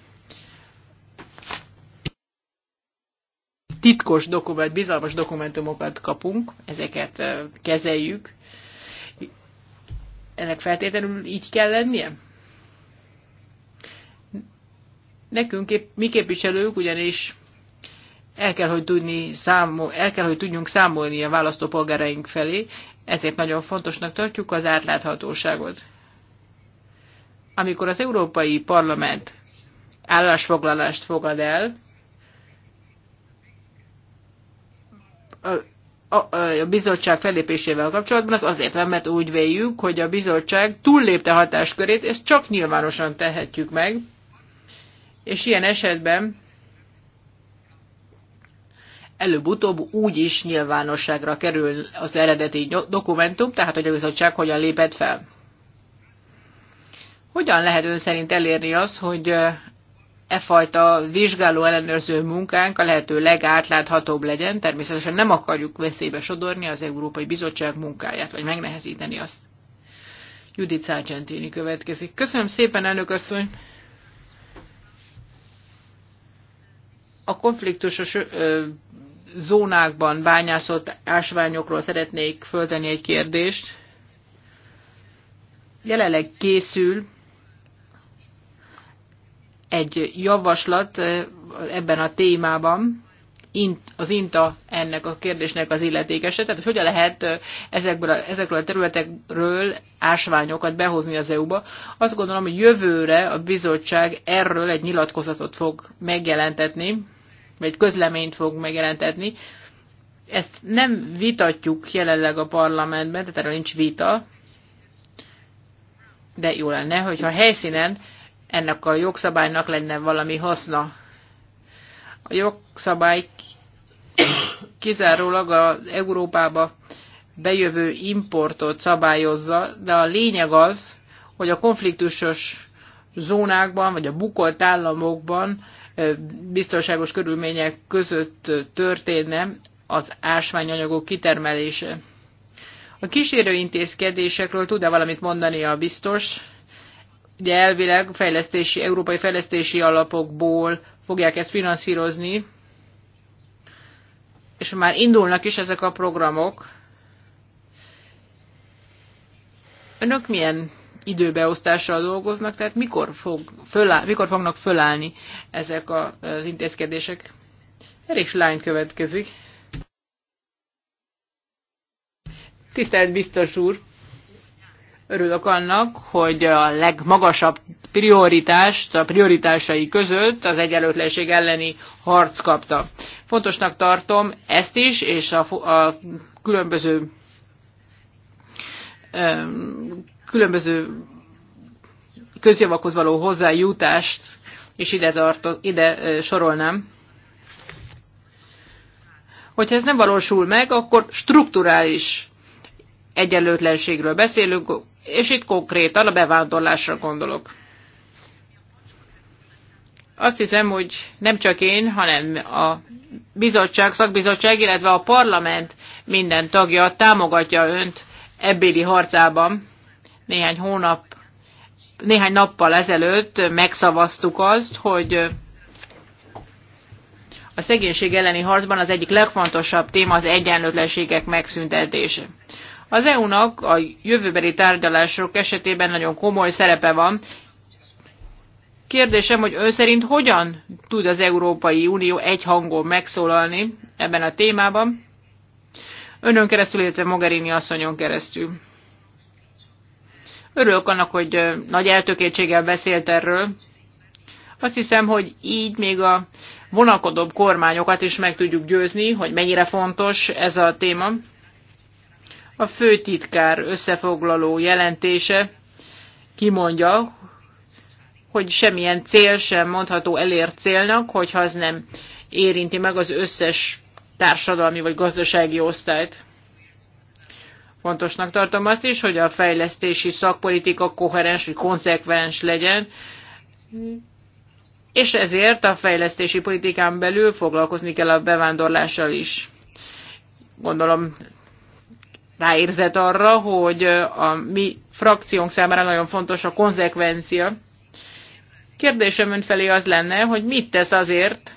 titkos dokument, bizalmas dokumentumokat kapunk, ezeket kezeljük, ennek feltétlenül így kell lennie? Nekünk, mi képviselők ugyanis el kell, hogy tudni számol, el kell, hogy tudjunk számolni a választópolgáraink felé, ezért nagyon fontosnak tartjuk az átláthatóságot. Amikor az Európai Parlament állásfoglalást fogad el, a, bizottság fellépésével kapcsolatban, az azért van, mert úgy véljük, hogy a bizottság túllépte hatáskörét, ezt csak nyilvánosan tehetjük meg, és ilyen esetben előbb-utóbb úgy is nyilvánosságra kerül az eredeti dokumentum, tehát hogy a bizottság hogyan lépett fel. Hogyan lehet ön szerint elérni az, hogy e fajta vizsgáló ellenőrző munkánk a lehető legátláthatóbb legyen. Természetesen nem akarjuk veszélybe sodorni az Európai Bizottság munkáját, vagy megnehezíteni azt. Judit Sargentini következik. Köszönöm szépen, elnök asszony! A konfliktusos ö, zónákban bányászott ásványokról szeretnék föltenni egy kérdést. Jelenleg készül egy javaslat eh, ebben a témában, az INTA ennek a kérdésnek az illetékese, tehát hogy hogyan lehet eh, ezekből a, ezekről a területekről ásványokat behozni az EU-ba. Azt gondolom, hogy jövőre a bizottság erről egy nyilatkozatot fog megjelentetni, vagy egy közleményt fog megjelentetni. Ezt nem vitatjuk jelenleg a parlamentben, tehát erről nincs vita, de jó lenne, hogyha helyszínen ennek a jogszabálynak lenne valami haszna. A jogszabály kizárólag az Európába bejövő importot szabályozza, de a lényeg az, hogy a konfliktusos zónákban, vagy a bukolt államokban biztonságos körülmények között történne az ásványanyagok kitermelése. A kísérő intézkedésekről tud-e valamit mondani a biztos? ugye elvileg fejlesztési, európai fejlesztési alapokból fogják ezt finanszírozni, és már indulnak is ezek a programok. Önök milyen időbeosztással dolgoznak, tehát mikor, fog, föláll, mikor fognak fölállni ezek a, az intézkedések? Erich Lány következik. Tisztelt biztos úr! Örülök annak, hogy a legmagasabb prioritást, a prioritásai között az egyenlőtlenség elleni harc kapta. Fontosnak tartom ezt is, és a, a különböző különböző közjavakhoz való hozzájutást és ide, tartok, ide sorolnám. Hogyha ez nem valósul meg, akkor strukturális egyenlőtlenségről beszélünk, és itt konkrétan a bevándorlásra gondolok. Azt hiszem, hogy nem csak én, hanem a bizottság, szakbizottság, illetve a parlament minden tagja támogatja önt ebbéli harcában. Néhány hónap, néhány nappal ezelőtt megszavaztuk azt, hogy a szegénység elleni harcban az egyik legfontosabb téma az egyenlőtlenségek megszüntetése. Az EU-nak a jövőbeli tárgyalások esetében nagyon komoly szerepe van. Kérdésem, hogy ön szerint hogyan tud az Európai Unió egy hangon megszólalni ebben a témában? Önön keresztül, illetve Mogherini asszonyon keresztül. Örülök annak, hogy nagy eltökétséggel beszélt erről. Azt hiszem, hogy így még a vonakodóbb kormányokat is meg tudjuk győzni, hogy mennyire fontos ez a téma. A főtitkár összefoglaló jelentése kimondja, hogy semmilyen cél sem mondható elért célnak, hogyha az nem érinti meg az összes társadalmi vagy gazdasági osztályt. Fontosnak tartom azt is, hogy a fejlesztési szakpolitika koherens vagy konzekvens legyen, és ezért a fejlesztési politikán belül foglalkozni kell a bevándorlással is. Gondolom ráérzett arra, hogy a mi frakciónk számára nagyon fontos a konzekvencia. Kérdésem felé az lenne, hogy mit tesz azért,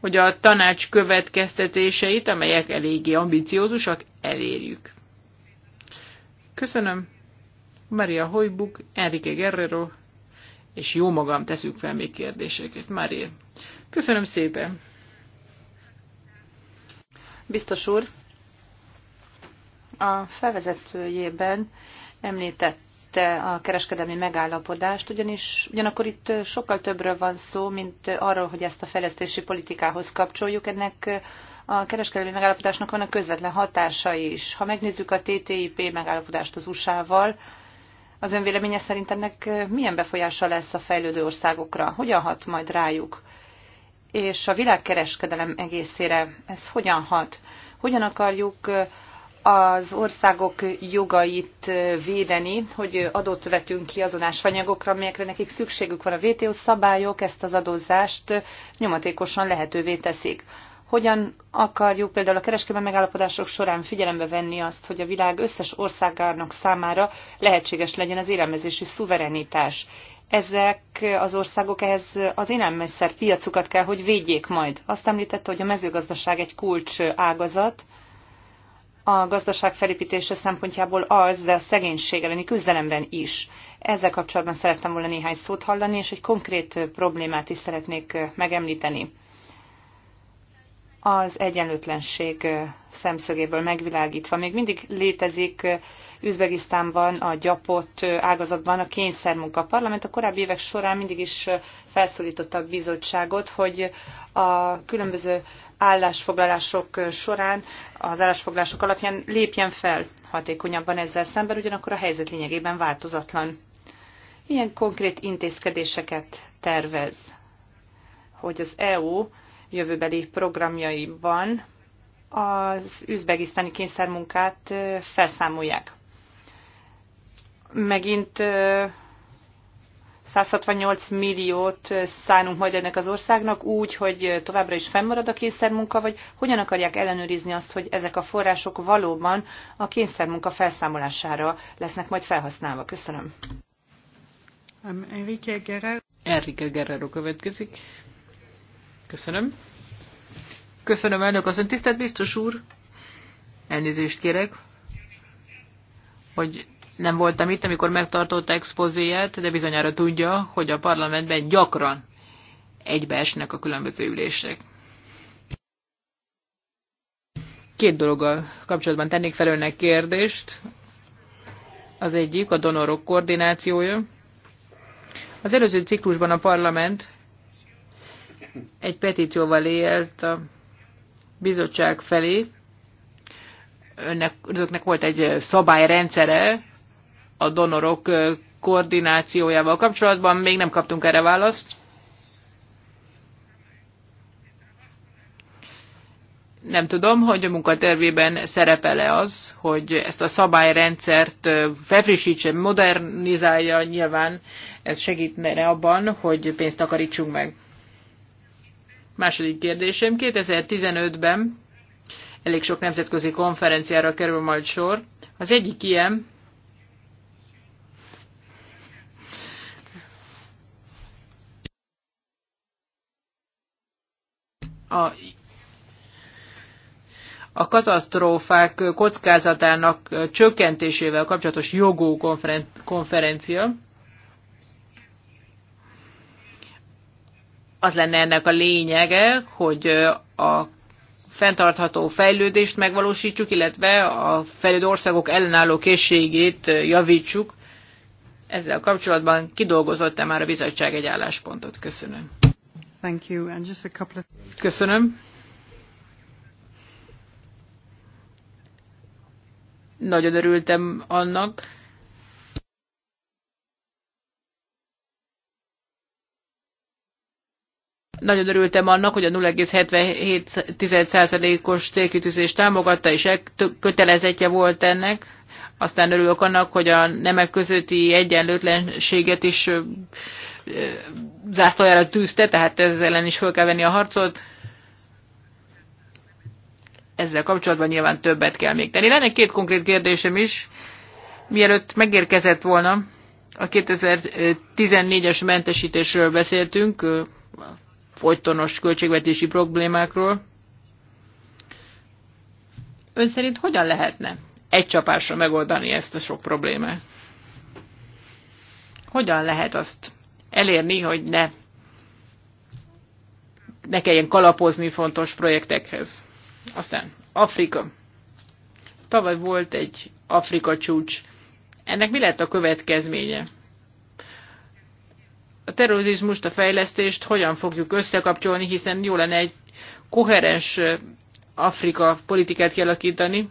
hogy a tanács következtetéseit, amelyek eléggé ambiciózusak, elérjük. Köszönöm. Maria Hojbuk, Enrique Guerrero, és jó magam teszünk fel még kérdéseket. Maria, köszönöm szépen. Biztos úr, a felvezetőjében említette a kereskedelmi megállapodást, ugyanis ugyanakkor itt sokkal többről van szó, mint arról, hogy ezt a fejlesztési politikához kapcsoljuk. Ennek a kereskedelmi megállapodásnak van a közvetlen hatása is. Ha megnézzük a TTIP megállapodást az USA-val, az véleménye szerint ennek milyen befolyása lesz a fejlődő országokra? Hogyan hat majd rájuk? És a világkereskedelem egészére ez hogyan hat? Hogyan akarjuk az országok jogait védeni, hogy adót vetünk ki azon anyagokra, amelyekre nekik szükségük van. A WTO szabályok ezt az adózást nyomatékosan lehetővé teszik. Hogyan akarjuk például a kereskedelmi megállapodások során figyelembe venni azt, hogy a világ összes országának számára lehetséges legyen az élelmezési szuverenitás? Ezek az országok ehhez az élelmiszer piacukat kell, hogy védjék majd. Azt említette, hogy a mezőgazdaság egy kulcs ágazat, a gazdaság felépítése szempontjából az, de a szegénység elleni küzdelemben is. Ezzel kapcsolatban szerettem volna néhány szót hallani, és egy konkrét problémát is szeretnék megemlíteni. Az egyenlőtlenség szemszögéből megvilágítva még mindig létezik Üzbegisztánban, a gyapott ágazatban a kényszermunka. A parlament a korábbi évek során mindig is felszólította a bizottságot, hogy a különböző állásfoglalások során, az állásfoglalások alapján lépjen fel hatékonyabban ezzel szemben, ugyanakkor a helyzet lényegében változatlan. Milyen konkrét intézkedéseket tervez, hogy az EU jövőbeli programjaiban az üzbegisztáni kényszermunkát felszámolják? Megint 168 milliót szánunk majd ennek az országnak úgy, hogy továbbra is fennmarad a kényszermunka, vagy hogyan akarják ellenőrizni azt, hogy ezek a források valóban a kényszermunka felszámolására lesznek majd felhasználva? Köszönöm. Um, Enrique Guerrero. Guerrero következik. Köszönöm. Köszönöm, elnök asszony. Tisztelt biztos úr, elnézést kérek, hogy nem voltam itt, amikor megtartotta expozéját, de bizonyára tudja, hogy a parlamentben gyakran egybeesnek a különböző ülések. Két dologgal kapcsolatban tennék fel önnek kérdést. Az egyik a donorok koordinációja. Az előző ciklusban a parlament egy petícióval élt a bizottság felé. Önnek, önöknek volt egy szabályrendszere, a donorok koordinációjával kapcsolatban. Még nem kaptunk erre választ. nem tudom, hogy a munkatervében szerepele az, hogy ezt a szabályrendszert felfrissítse, modernizálja, nyilván ez segítene abban, hogy pénzt takarítsunk meg. Második kérdésem, 2015-ben elég sok nemzetközi konferenciára kerül majd sor. Az egyik ilyen a, a katasztrófák kockázatának csökkentésével kapcsolatos jogó konferen, konferencia. Az lenne ennek a lényege, hogy a fenntartható fejlődést megvalósítsuk, illetve a fejlődő országok ellenálló készségét javítsuk. Ezzel kapcsolatban kidolgozott-e már a bizottság egy álláspontot? Köszönöm. Thank you. And just a couple of... Köszönöm. Nagyon örültem annak, nagyon örültem annak, hogy a 0,77%-os célkütőzést támogatta, és e- kötelezettje volt ennek. Aztán örülök annak, hogy a nemek közötti egyenlőtlenséget is zászlajára tűzte, tehát ezzel ellen is fel kell venni a harcot. Ezzel kapcsolatban nyilván többet kell még tenni. Lenne két konkrét kérdésem is. Mielőtt megérkezett volna, a 2014-es mentesítésről beszéltünk, folytonos költségvetési problémákról. Ön szerint hogyan lehetne egy csapásra megoldani ezt a sok problémát. Hogyan lehet azt elérni, hogy ne, ne kelljen kalapozni fontos projektekhez? Aztán Afrika. Tavaly volt egy Afrika csúcs. Ennek mi lett a következménye? A terrorizmust, a fejlesztést hogyan fogjuk összekapcsolni, hiszen jó lenne egy koherens Afrika politikát kialakítani,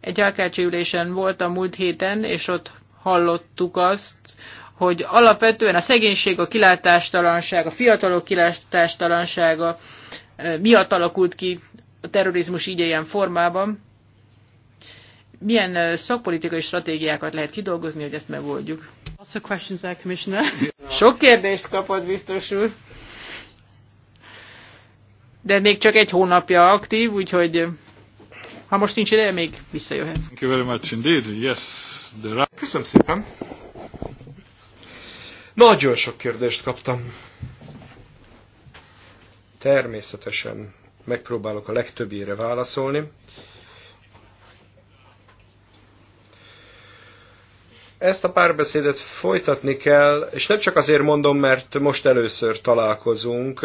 egy Alkácsi ülésen a múlt héten, és ott hallottuk azt, hogy alapvetően a szegénység, a kilátástalanság, a fiatalok kilátástalansága miatt alakult ki a terrorizmus így ilyen formában. Milyen szakpolitikai stratégiákat lehet kidolgozni, hogy ezt megoldjuk? Sok kérdést kapott biztos úr. De még csak egy hónapja aktív, úgyhogy ha most nincs ideje, még visszajöhet. Thank you very much indeed. Yes, the right. Köszönöm szépen. Nagyon sok kérdést kaptam. Természetesen megpróbálok a legtöbbére válaszolni. Ezt a párbeszédet folytatni kell, és nem csak azért mondom, mert most először találkozunk,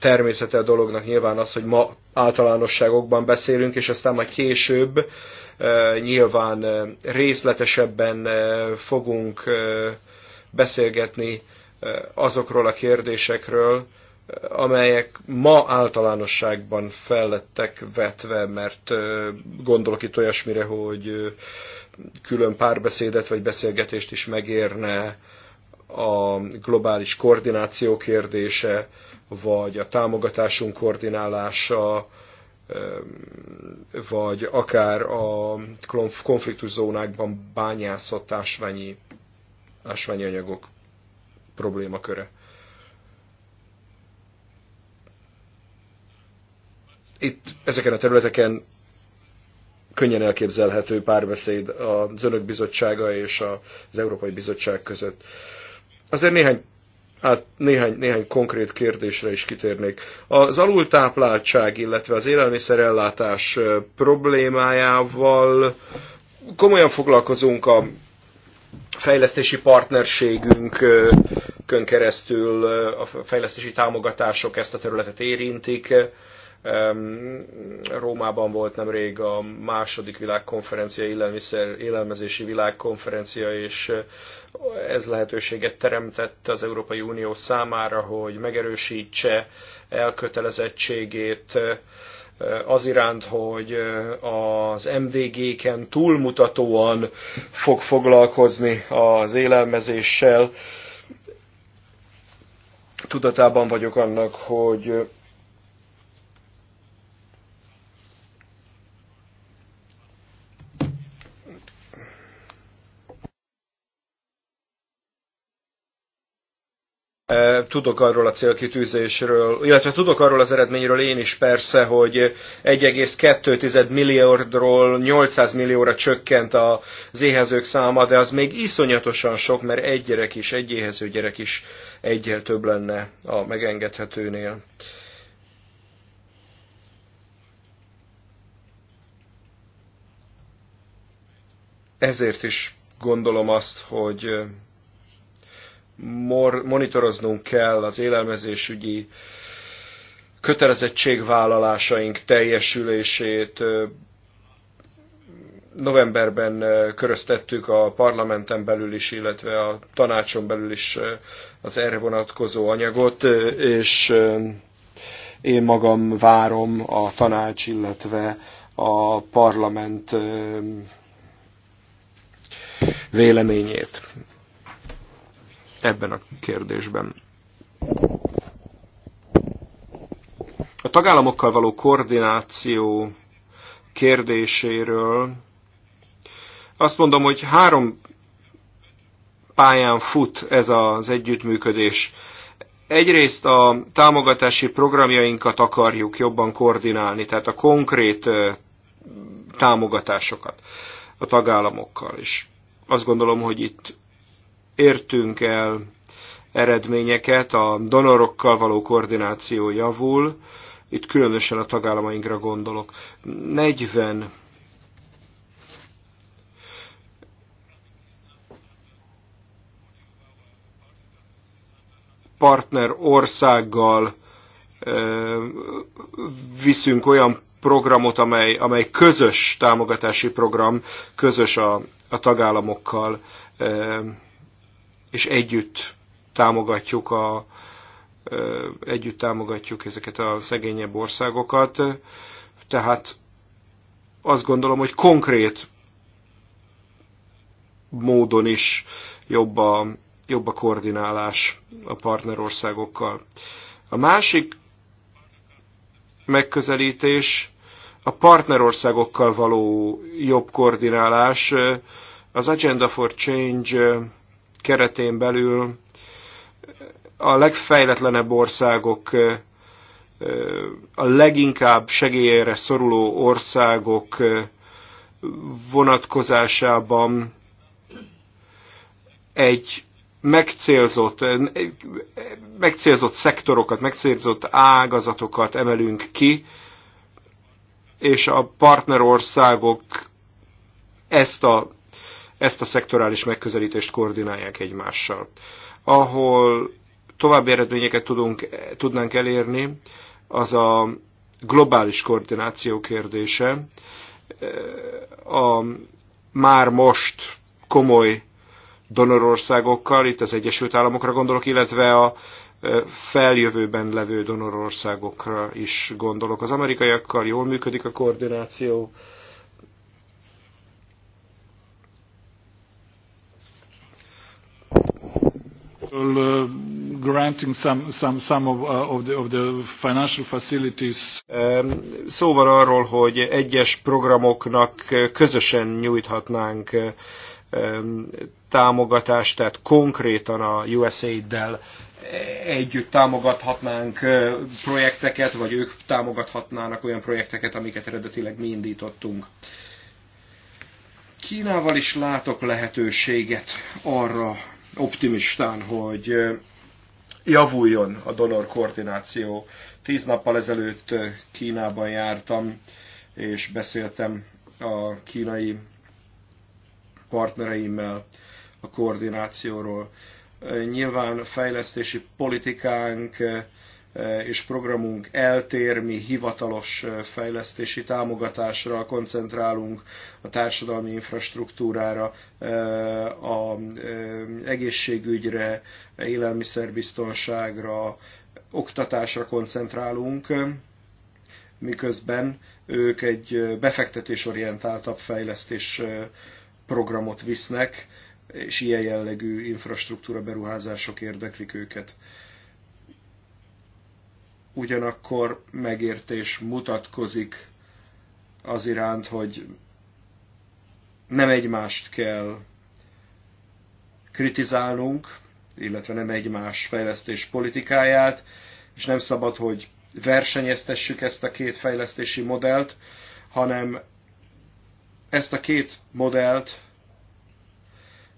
természete a dolognak nyilván az, hogy ma általánosságokban beszélünk, és aztán majd később eh, nyilván eh, részletesebben eh, fogunk beszélgetni azokról a kérdésekről, amelyek ma általánosságban fellettek vetve, mert gondolok itt olyasmire, hogy külön párbeszédet vagy beszélgetést is megérne a globális koordináció kérdése, vagy a támogatásunk koordinálása, vagy akár a konfliktuszónákban bányászott ásványi, ásványi anyagok problémaköre. Itt ezeken a területeken könnyen elképzelhető párbeszéd az Önök Bizottsága és az Európai Bizottság között. Azért néhány át néhány, néhány konkrét kérdésre is kitérnék. Az alultápláltság, illetve az élelmiszerellátás problémájával komolyan foglalkozunk a fejlesztési partnerségünk keresztül, a fejlesztési támogatások ezt a területet érintik. Rómában volt nemrég a második világkonferencia, élelmiszer, élelmezési világkonferencia, és ez lehetőséget teremtett az Európai Unió számára, hogy megerősítse elkötelezettségét az iránt, hogy az MDG-ken túlmutatóan fog foglalkozni az élelmezéssel. Tudatában vagyok annak, hogy Tudok arról a célkitűzésről, illetve tudok arról az eredményről én is persze, hogy 1,2 milliárdról 800 millióra csökkent az éhezők száma, de az még iszonyatosan sok, mert egy gyerek is, egy éhező gyerek is egyel több lenne a megengedhetőnél. Ezért is gondolom azt, hogy mor, monitoroznunk kell az élelmezésügyi kötelezettségvállalásaink teljesülését. Novemberben köröztettük a parlamenten belül is, illetve a tanácson belül is az erre vonatkozó anyagot, és én magam várom a tanács, illetve a parlament véleményét ebben a kérdésben. A tagállamokkal való koordináció kérdéséről azt mondom, hogy három pályán fut ez az együttműködés. Egyrészt a támogatási programjainkat akarjuk jobban koordinálni, tehát a konkrét támogatásokat a tagállamokkal. is. azt gondolom, hogy itt értünk el eredményeket, a donorokkal való koordináció javul, itt különösen a tagállamainkra gondolok. 40 partner országgal viszünk olyan programot, amely, amely közös támogatási program, közös a, a tagállamokkal és együtt támogatjuk a, együtt támogatjuk ezeket a szegényebb országokat. Tehát azt gondolom, hogy konkrét módon is jobb a, jobb a koordinálás a partnerországokkal. A másik megközelítés a partnerországokkal való jobb koordinálás. Az Agenda for Change keretén belül a legfejletlenebb országok, a leginkább segélyére szoruló országok vonatkozásában egy megcélzott, megcélzott szektorokat, megcélzott ágazatokat emelünk ki, és a partnerországok ezt a ezt a szektorális megközelítést koordinálják egymással. Ahol további eredményeket tudunk, tudnánk elérni, az a globális koordináció kérdése. A már most komoly donorországokkal, itt az Egyesült Államokra gondolok, illetve a feljövőben levő donorországokra is gondolok. Az amerikaiakkal jól működik a koordináció, Uh, granting some, some, some of, uh, of, the, of the financial facilities. Um, szóval arról, hogy egyes programoknak uh, közösen nyújthatnánk uh, um, támogatást, tehát konkrétan a USAID-del eh, együtt támogathatnánk uh, projekteket, vagy ők támogathatnának olyan projekteket, amiket eredetileg mi indítottunk. Kínával is látok lehetőséget arra, optimistán, hogy javuljon a donor koordináció. Tíz nappal ezelőtt Kínában jártam, és beszéltem a kínai partnereimmel a koordinációról. Nyilván fejlesztési politikánk és programunk eltér, mi hivatalos fejlesztési támogatásra koncentrálunk, a társadalmi infrastruktúrára, a egészségügyre, élelmiszerbiztonságra, oktatásra koncentrálunk, miközben ők egy befektetésorientáltabb fejlesztés programot visznek, és ilyen jellegű infrastruktúra beruházások érdeklik őket ugyanakkor megértés mutatkozik az iránt, hogy nem egymást kell kritizálnunk, illetve nem egymás fejlesztés politikáját, és nem szabad, hogy versenyeztessük ezt a két fejlesztési modellt, hanem ezt a két modellt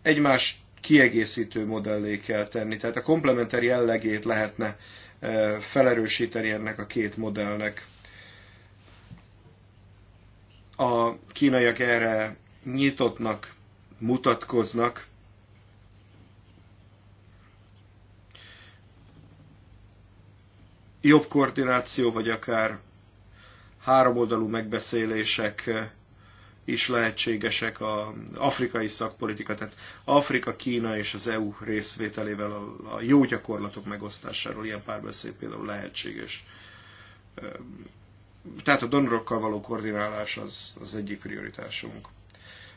egymás kiegészítő modellé kell tenni. Tehát a komplementer jellegét lehetne felerősíteni ennek a két modellnek. A kínaiak erre nyitottnak, mutatkoznak, jobb koordináció, vagy akár háromoldalú megbeszélések is lehetségesek a afrikai szakpolitika, tehát Afrika, Kína és az EU részvételével a, jó gyakorlatok megosztásáról ilyen párbeszéd például lehetséges. Tehát a donorokkal való koordinálás az, az egyik prioritásunk.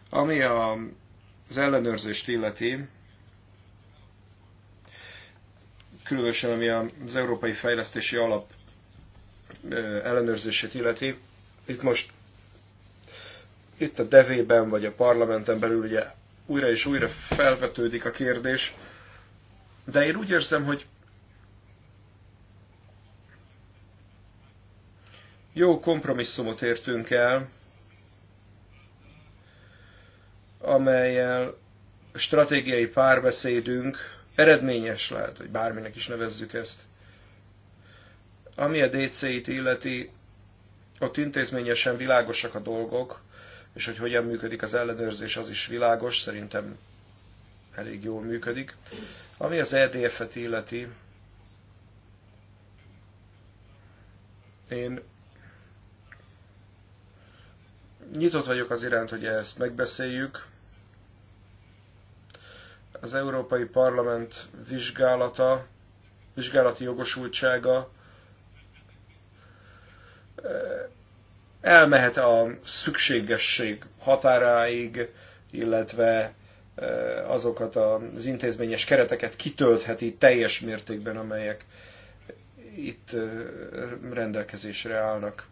Ami a, az ellenőrzést illeti, különösen ami az Európai Fejlesztési Alap ellenőrzését illeti, itt most itt a devében vagy a parlamenten belül ugye újra és újra felvetődik a kérdés, de én úgy érzem, hogy jó kompromisszumot értünk el, amelyel stratégiai párbeszédünk eredményes lehet, hogy bárminek is nevezzük ezt. Ami a DC-t illeti, ott intézményesen világosak a dolgok, és hogy hogyan működik az ellenőrzés, az is világos, szerintem elég jól működik. Ami az EDF-et illeti, én nyitott vagyok az iránt, hogy ezt megbeszéljük. Az Európai Parlament vizsgálata, vizsgálati jogosultsága elmehet a szükségesség határáig, illetve e, azokat az intézményes kereteket kitöltheti teljes mértékben, amelyek itt e, rendelkezésre állnak.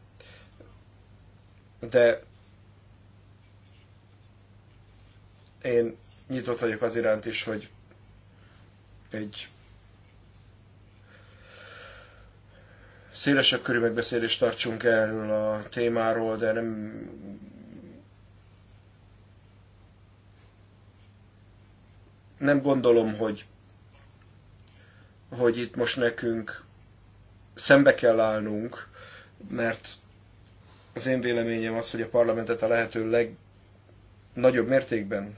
De én nyitott vagyok az iránt is, hogy egy szélesebb körű megbeszélést tartsunk erről a témáról, de nem nem gondolom, hogy, hogy itt most nekünk szembe kell állnunk, mert az én véleményem az, hogy a parlamentet a lehető legnagyobb mértékben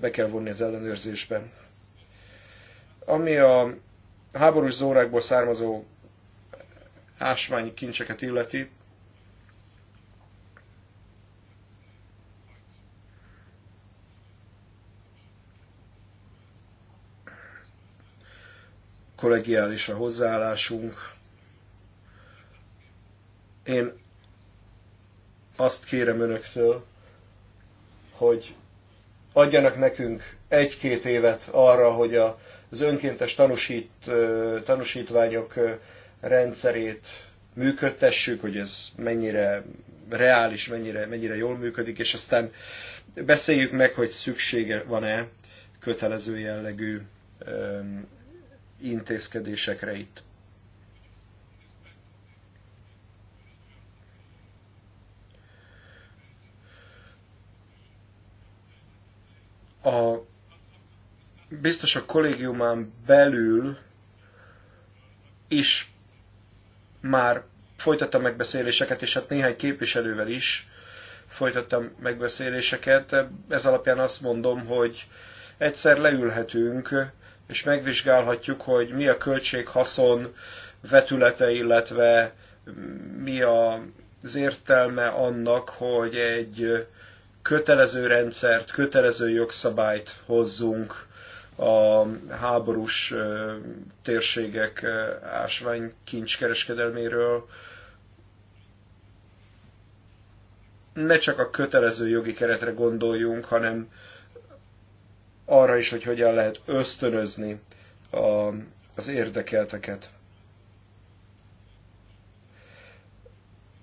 be kell vonni az ellenőrzésben. Ami a háborús zórákból származó ásványi kincseket illeti, kollegiális a hozzáállásunk. Én azt kérem önöktől, hogy adjanak nekünk egy-két évet arra, hogy az önkéntes tanúsít, tanúsítványok rendszerét működtessük, hogy ez mennyire reális, mennyire, mennyire jól működik, és aztán beszéljük meg, hogy szüksége van-e kötelező jellegű intézkedésekre itt. a biztos a kollégiumán belül is már folytattam megbeszéléseket, és hát néhány képviselővel is folytattam megbeszéléseket. Ez alapján azt mondom, hogy egyszer leülhetünk, és megvizsgálhatjuk, hogy mi a költség vetülete, illetve mi az értelme annak, hogy egy kötelező rendszert, kötelező jogszabályt hozzunk a háborús térségek kincskereskedelméről, ne csak a kötelező jogi keretre gondoljunk, hanem arra is, hogy hogyan lehet ösztönözni a, az érdekelteket.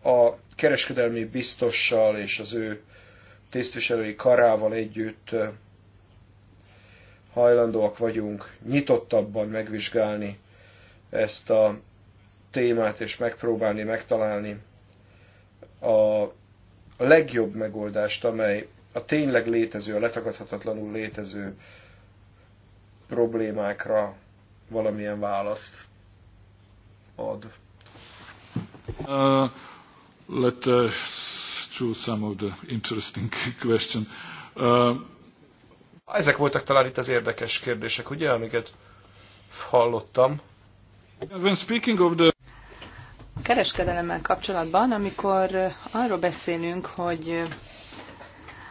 A kereskedelmi biztossal és az ő tisztviselői karával együtt hajlandóak vagyunk nyitottabban megvizsgálni ezt a témát, és megpróbálni megtalálni a legjobb megoldást, amely a tényleg létező, a letagadhatatlanul létező problémákra valamilyen választ ad. Uh, let uh, choose some of the interesting question. Uh, ezek voltak talán itt az érdekes kérdések, ugye, amiket hallottam. When speaking of the... A kereskedelemmel kapcsolatban, amikor arról beszélünk, hogy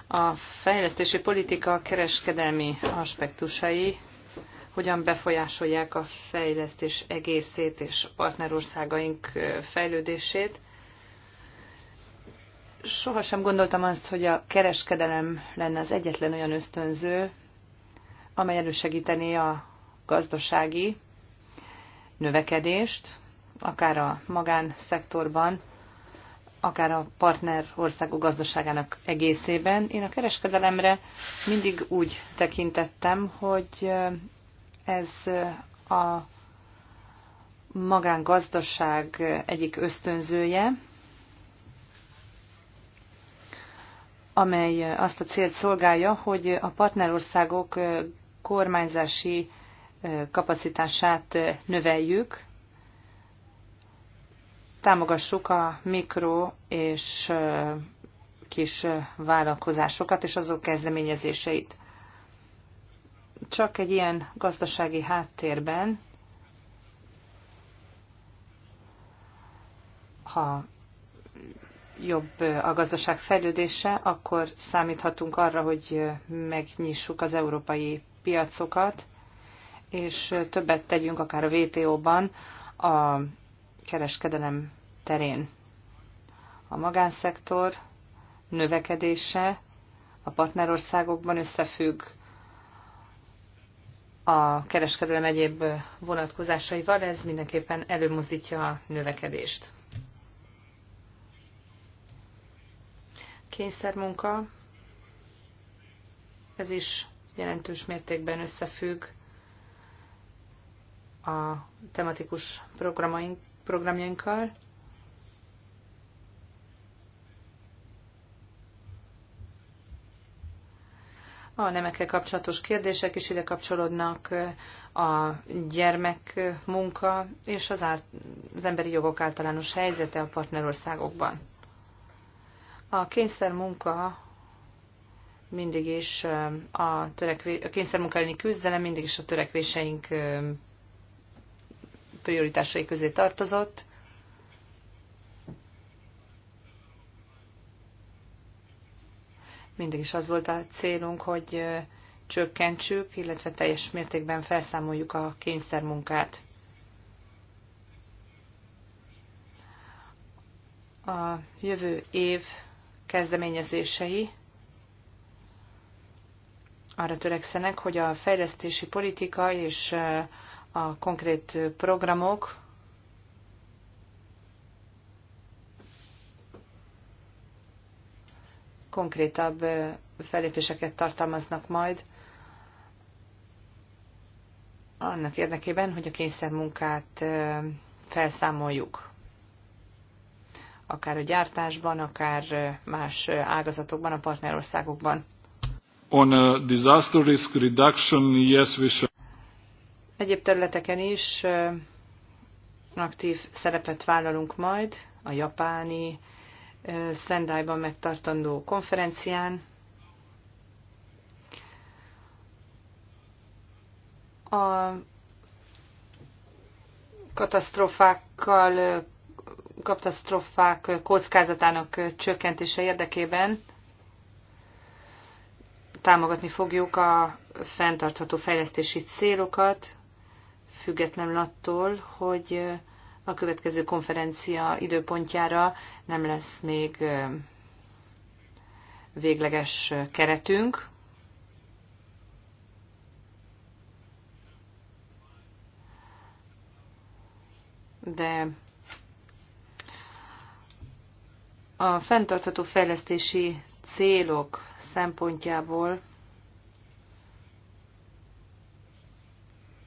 a fejlesztési politika kereskedelmi aspektusai hogyan befolyásolják a fejlesztés egészét és partnerországaink fejlődését, sohasem gondoltam azt, hogy a kereskedelem lenne az egyetlen olyan ösztönző, amely elősegítené a gazdasági növekedést, akár a magánszektorban, akár a partner országok gazdaságának egészében. Én a kereskedelemre mindig úgy tekintettem, hogy ez a magángazdaság egyik ösztönzője, amely eh, azt a célt szolgálja, hogy a partnerországok eh, kormányzási eh, kapacitását növeljük, támogassuk a mikro és kis vállalkozásokat és azok kezdeményezéseit. Csak egy ilyen gazdasági háttérben, ha jobb a gazdaság fejlődése, akkor számíthatunk arra, hogy megnyissuk az európai piacokat, és többet tegyünk akár a WTO-ban a kereskedelem terén. A magánszektor növekedése a partnerországokban összefügg a kereskedelem egyéb vonatkozásaival, ez mindenképpen előmozdítja a növekedést. kényszermunka, ez is jelentős mértékben összefügg a tematikus programaink, programjainkkal. A nemekkel kapcsolatos kérdések is ide kapcsolódnak, a gyermekmunka és az, át, az emberi jogok általános helyzete a partnerországokban. A kényszer munka mindig is a, törekvé, a kényszermunka elleni küzdelem mindig is a törekvéseink prioritásai közé tartozott. Mindig is az volt a célunk, hogy csökkentsük, illetve teljes mértékben felszámoljuk a kényszermunkát. A jövő év kezdeményezései arra törekszenek, hogy a fejlesztési politika és a konkrét programok konkrétabb felépéseket tartalmaznak majd annak érdekében, hogy a kényszermunkát felszámoljuk akár a gyártásban, akár más ágazatokban, a partnerországokban. On a disaster risk reduction, yes, we should... Egyéb területeken is aktív szerepet vállalunk majd a japáni Szendályban megtartandó konferencián. A katasztrófákkal katasztrofák kockázatának csökkentése érdekében támogatni fogjuk a fenntartható fejlesztési célokat, függetlenül attól, hogy a következő konferencia időpontjára nem lesz még végleges keretünk. De A fenntartható fejlesztési célok szempontjából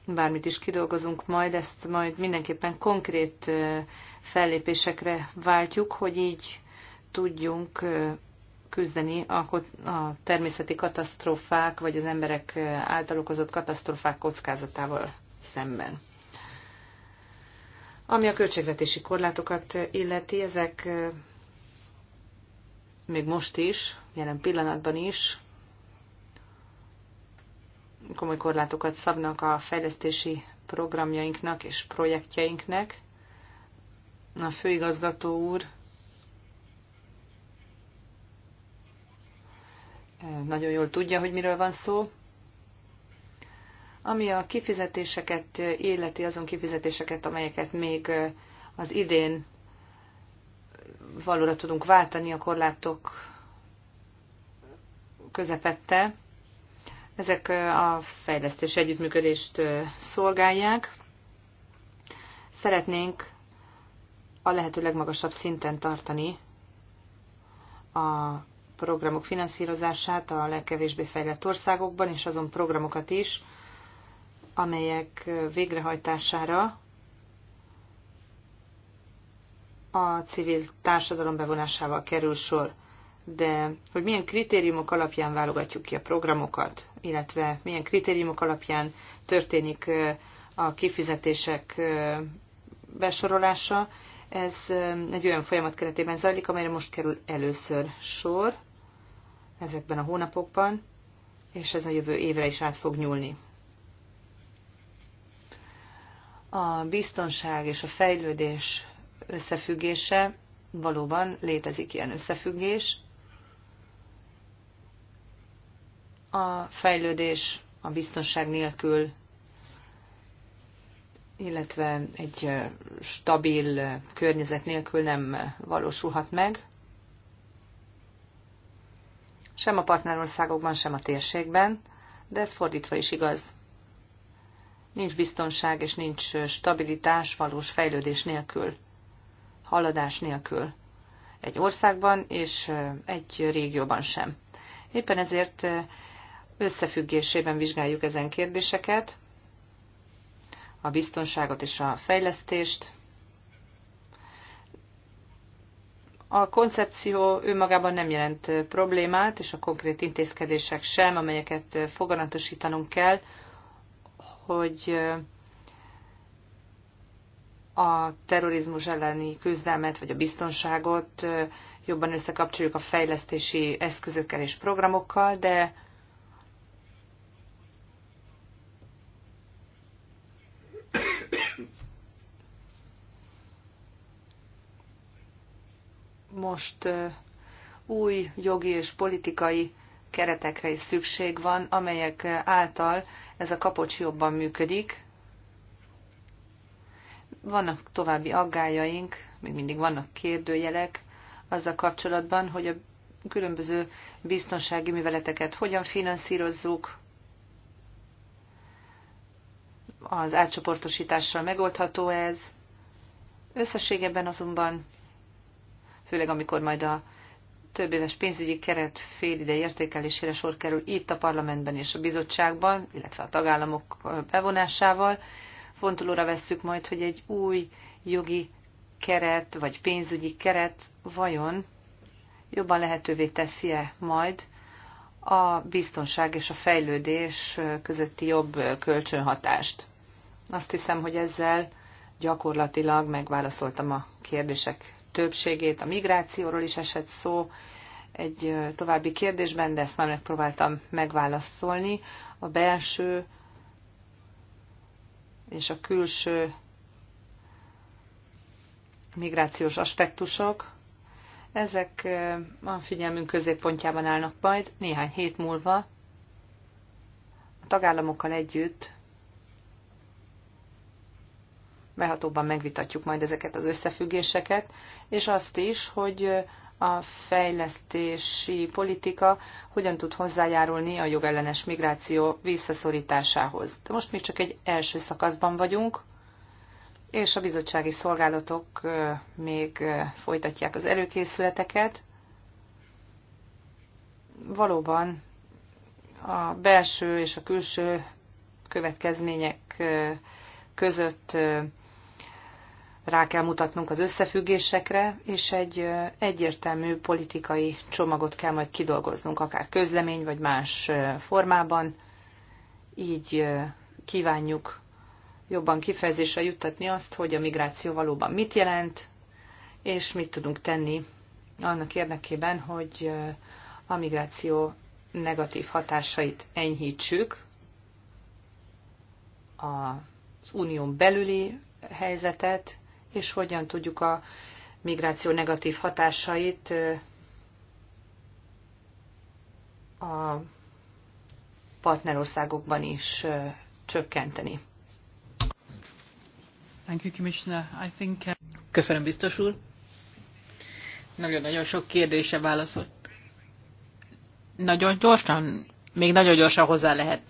bármit is kidolgozunk majd, ezt majd mindenképpen konkrét fellépésekre váltjuk, hogy így tudjunk küzdeni a, a természeti katasztrófák, vagy az emberek által okozott katasztrófák kockázatával szemben. Ami a költségvetési korlátokat illeti, ezek még most is, jelen pillanatban is komoly korlátokat szabnak a fejlesztési programjainknak és projektjeinknek. A főigazgató úr e, nagyon jól tudja, hogy miről van szó. Ami a kifizetéseket illeti, azon kifizetéseket, amelyeket még e, az idén valóra tudunk váltani a korlátok közepette. Ezek a fejlesztés együttműködést szolgálják. Szeretnénk a lehető legmagasabb szinten tartani a programok finanszírozását a legkevésbé fejlett országokban, és azon programokat is, amelyek végrehajtására a civil társadalom bevonásával kerül sor, de hogy milyen kritériumok alapján válogatjuk ki a programokat, illetve milyen kritériumok alapján történik a kifizetések besorolása, ez egy olyan folyamat keretében zajlik, amelyre most kerül először sor ezekben a hónapokban, és ez a jövő évre is át fog nyúlni. A biztonság és a fejlődés összefüggése, valóban létezik ilyen összefüggés. A fejlődés a biztonság nélkül, illetve egy stabil környezet nélkül nem valósulhat meg, sem a partnerországokban, sem a térségben, de ez fordítva is igaz. Nincs biztonság és nincs stabilitás valós fejlődés nélkül haladás nélkül egy országban és egy régióban sem. Éppen ezért összefüggésében vizsgáljuk ezen kérdéseket, a biztonságot és a fejlesztést. A koncepció önmagában nem jelent problémát, és a konkrét intézkedések sem, amelyeket foganatosítanunk kell, hogy a terrorizmus elleni küzdelmet vagy a biztonságot jobban összekapcsoljuk a fejlesztési eszközökkel és programokkal, de most új jogi és politikai keretekre is szükség van, amelyek által ez a kapocs jobban működik, vannak további aggájaink, még mindig vannak kérdőjelek azzal kapcsolatban, hogy a különböző biztonsági műveleteket hogyan finanszírozzuk, az átcsoportosítással megoldható ez. Összességében azonban, főleg amikor majd a több éves pénzügyi keret ide értékelésére sor kerül itt a parlamentben és a bizottságban, illetve a tagállamok bevonásával, fontolóra vesszük majd, hogy egy új jogi keret, vagy pénzügyi keret vajon jobban lehetővé teszi-e majd a biztonság és a fejlődés közötti jobb kölcsönhatást. Azt hiszem, hogy ezzel gyakorlatilag megválaszoltam a kérdések többségét. A migrációról is esett szó egy további kérdésben, de ezt már megpróbáltam megválaszolni. A belső és a külső migrációs aspektusok, ezek a figyelmünk középpontjában állnak majd néhány hét múlva a tagállamokkal együtt behatóban megvitatjuk majd ezeket az összefüggéseket, és azt is, hogy a fejlesztési politika hogyan tud hozzájárulni a jogellenes migráció visszaszorításához. De most még csak egy első szakaszban vagyunk, és a bizottsági szolgálatok még folytatják az előkészületeket. Valóban a belső és a külső következmények között rá kell mutatnunk az összefüggésekre, és egy egyértelmű politikai csomagot kell majd kidolgoznunk, akár közlemény vagy más formában. Így kívánjuk jobban kifejezésre juttatni azt, hogy a migráció valóban mit jelent, és mit tudunk tenni annak érdekében, hogy a migráció negatív hatásait enyhítsük az unión belüli helyzetet, és hogyan tudjuk a migráció negatív hatásait a partnerországokban is csökkenteni. Thank you, Commissioner. I think... Uh, Köszönöm, biztos úr. Nagyon-nagyon sok kérdése válaszolt. Nagyon gyorsan, még nagyon gyorsan hozzá lehet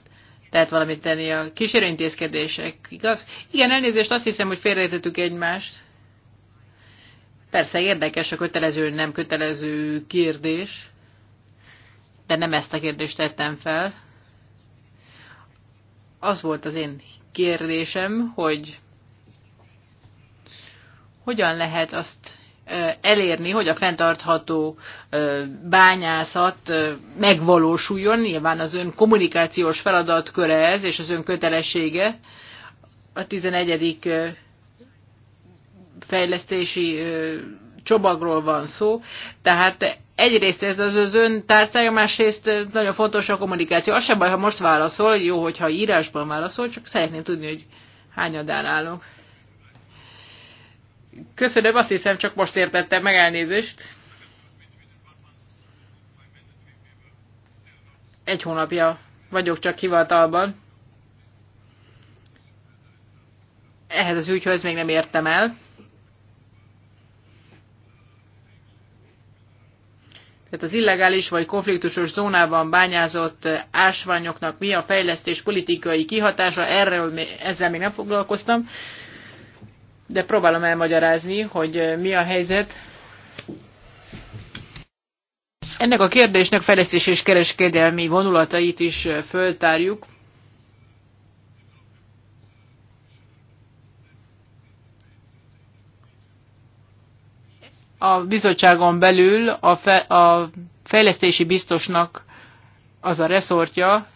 tehát valamit tenni a kísérőintézkedések, igaz? Igen, elnézést, azt hiszem, hogy félreértettük egymást. Persze érdekes a kötelező, nem kötelező kérdés, de nem ezt a kérdést tettem fel. Az volt az én kérdésem, hogy hogyan lehet azt elérni, hogy a fenntartható bányászat megvalósuljon. Nyilván az ön kommunikációs feladatköre ez, és az ön kötelessége a 11. fejlesztési csomagról van szó. Tehát egyrészt ez az az ön tárcája, másrészt nagyon fontos a kommunikáció. Az sem baj, ha most válaszol, jó, hogyha írásban válaszol, csak szeretném tudni, hogy hányadán állunk. Köszönöm, azt hiszem csak most értettem meg elnézést. Egy hónapja vagyok csak hivatalban. Ehhez az ügyhöz még nem értem el. Tehát az illegális vagy konfliktusos zónában bányázott ásványoknak mi a fejlesztés politikai kihatása, erről ezzel még nem foglalkoztam de próbálom elmagyarázni, hogy mi a helyzet. Ennek a kérdésnek fejlesztés és kereskedelmi vonulatait is föltárjuk. A bizottságon belül a, fe, a fejlesztési biztosnak az a reszortja,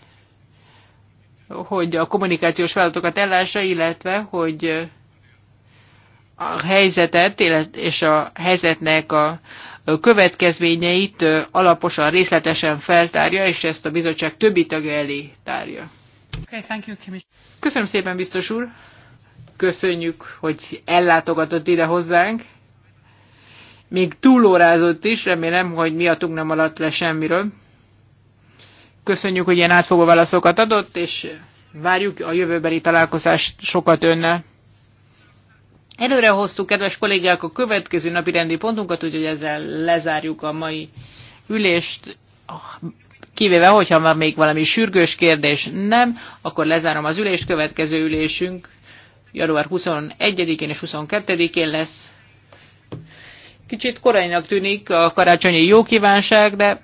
hogy a kommunikációs feladatokat ellássa, illetve hogy a helyzetet és a helyzetnek a következményeit alaposan, részletesen feltárja, és ezt a bizottság többi tagja elé tárja. Okay, thank you, Köszönöm szépen, biztos úr! Köszönjük, hogy ellátogatott ide hozzánk. Még túlórázott is, remélem, hogy miattunk nem alatt le semmiről. Köszönjük, hogy ilyen átfogó válaszokat adott, és várjuk a jövőbeli találkozást sokat önnel. Előre hoztuk, kedves kollégák, a következő napi rendi pontunkat, úgyhogy ezzel lezárjuk a mai ülést. Kivéve, hogyha van még valami sürgős kérdés, nem, akkor lezárom az ülést. Következő ülésünk január 21-én és 22-én lesz. Kicsit korainak tűnik a karácsonyi jó kívánság, de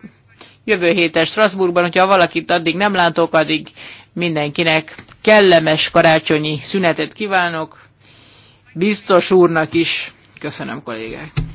jövő héten Strasbourgban, hogyha valakit addig nem látok, addig mindenkinek kellemes karácsonyi szünetet kívánok biztos úrnak is. Köszönöm, kollégák!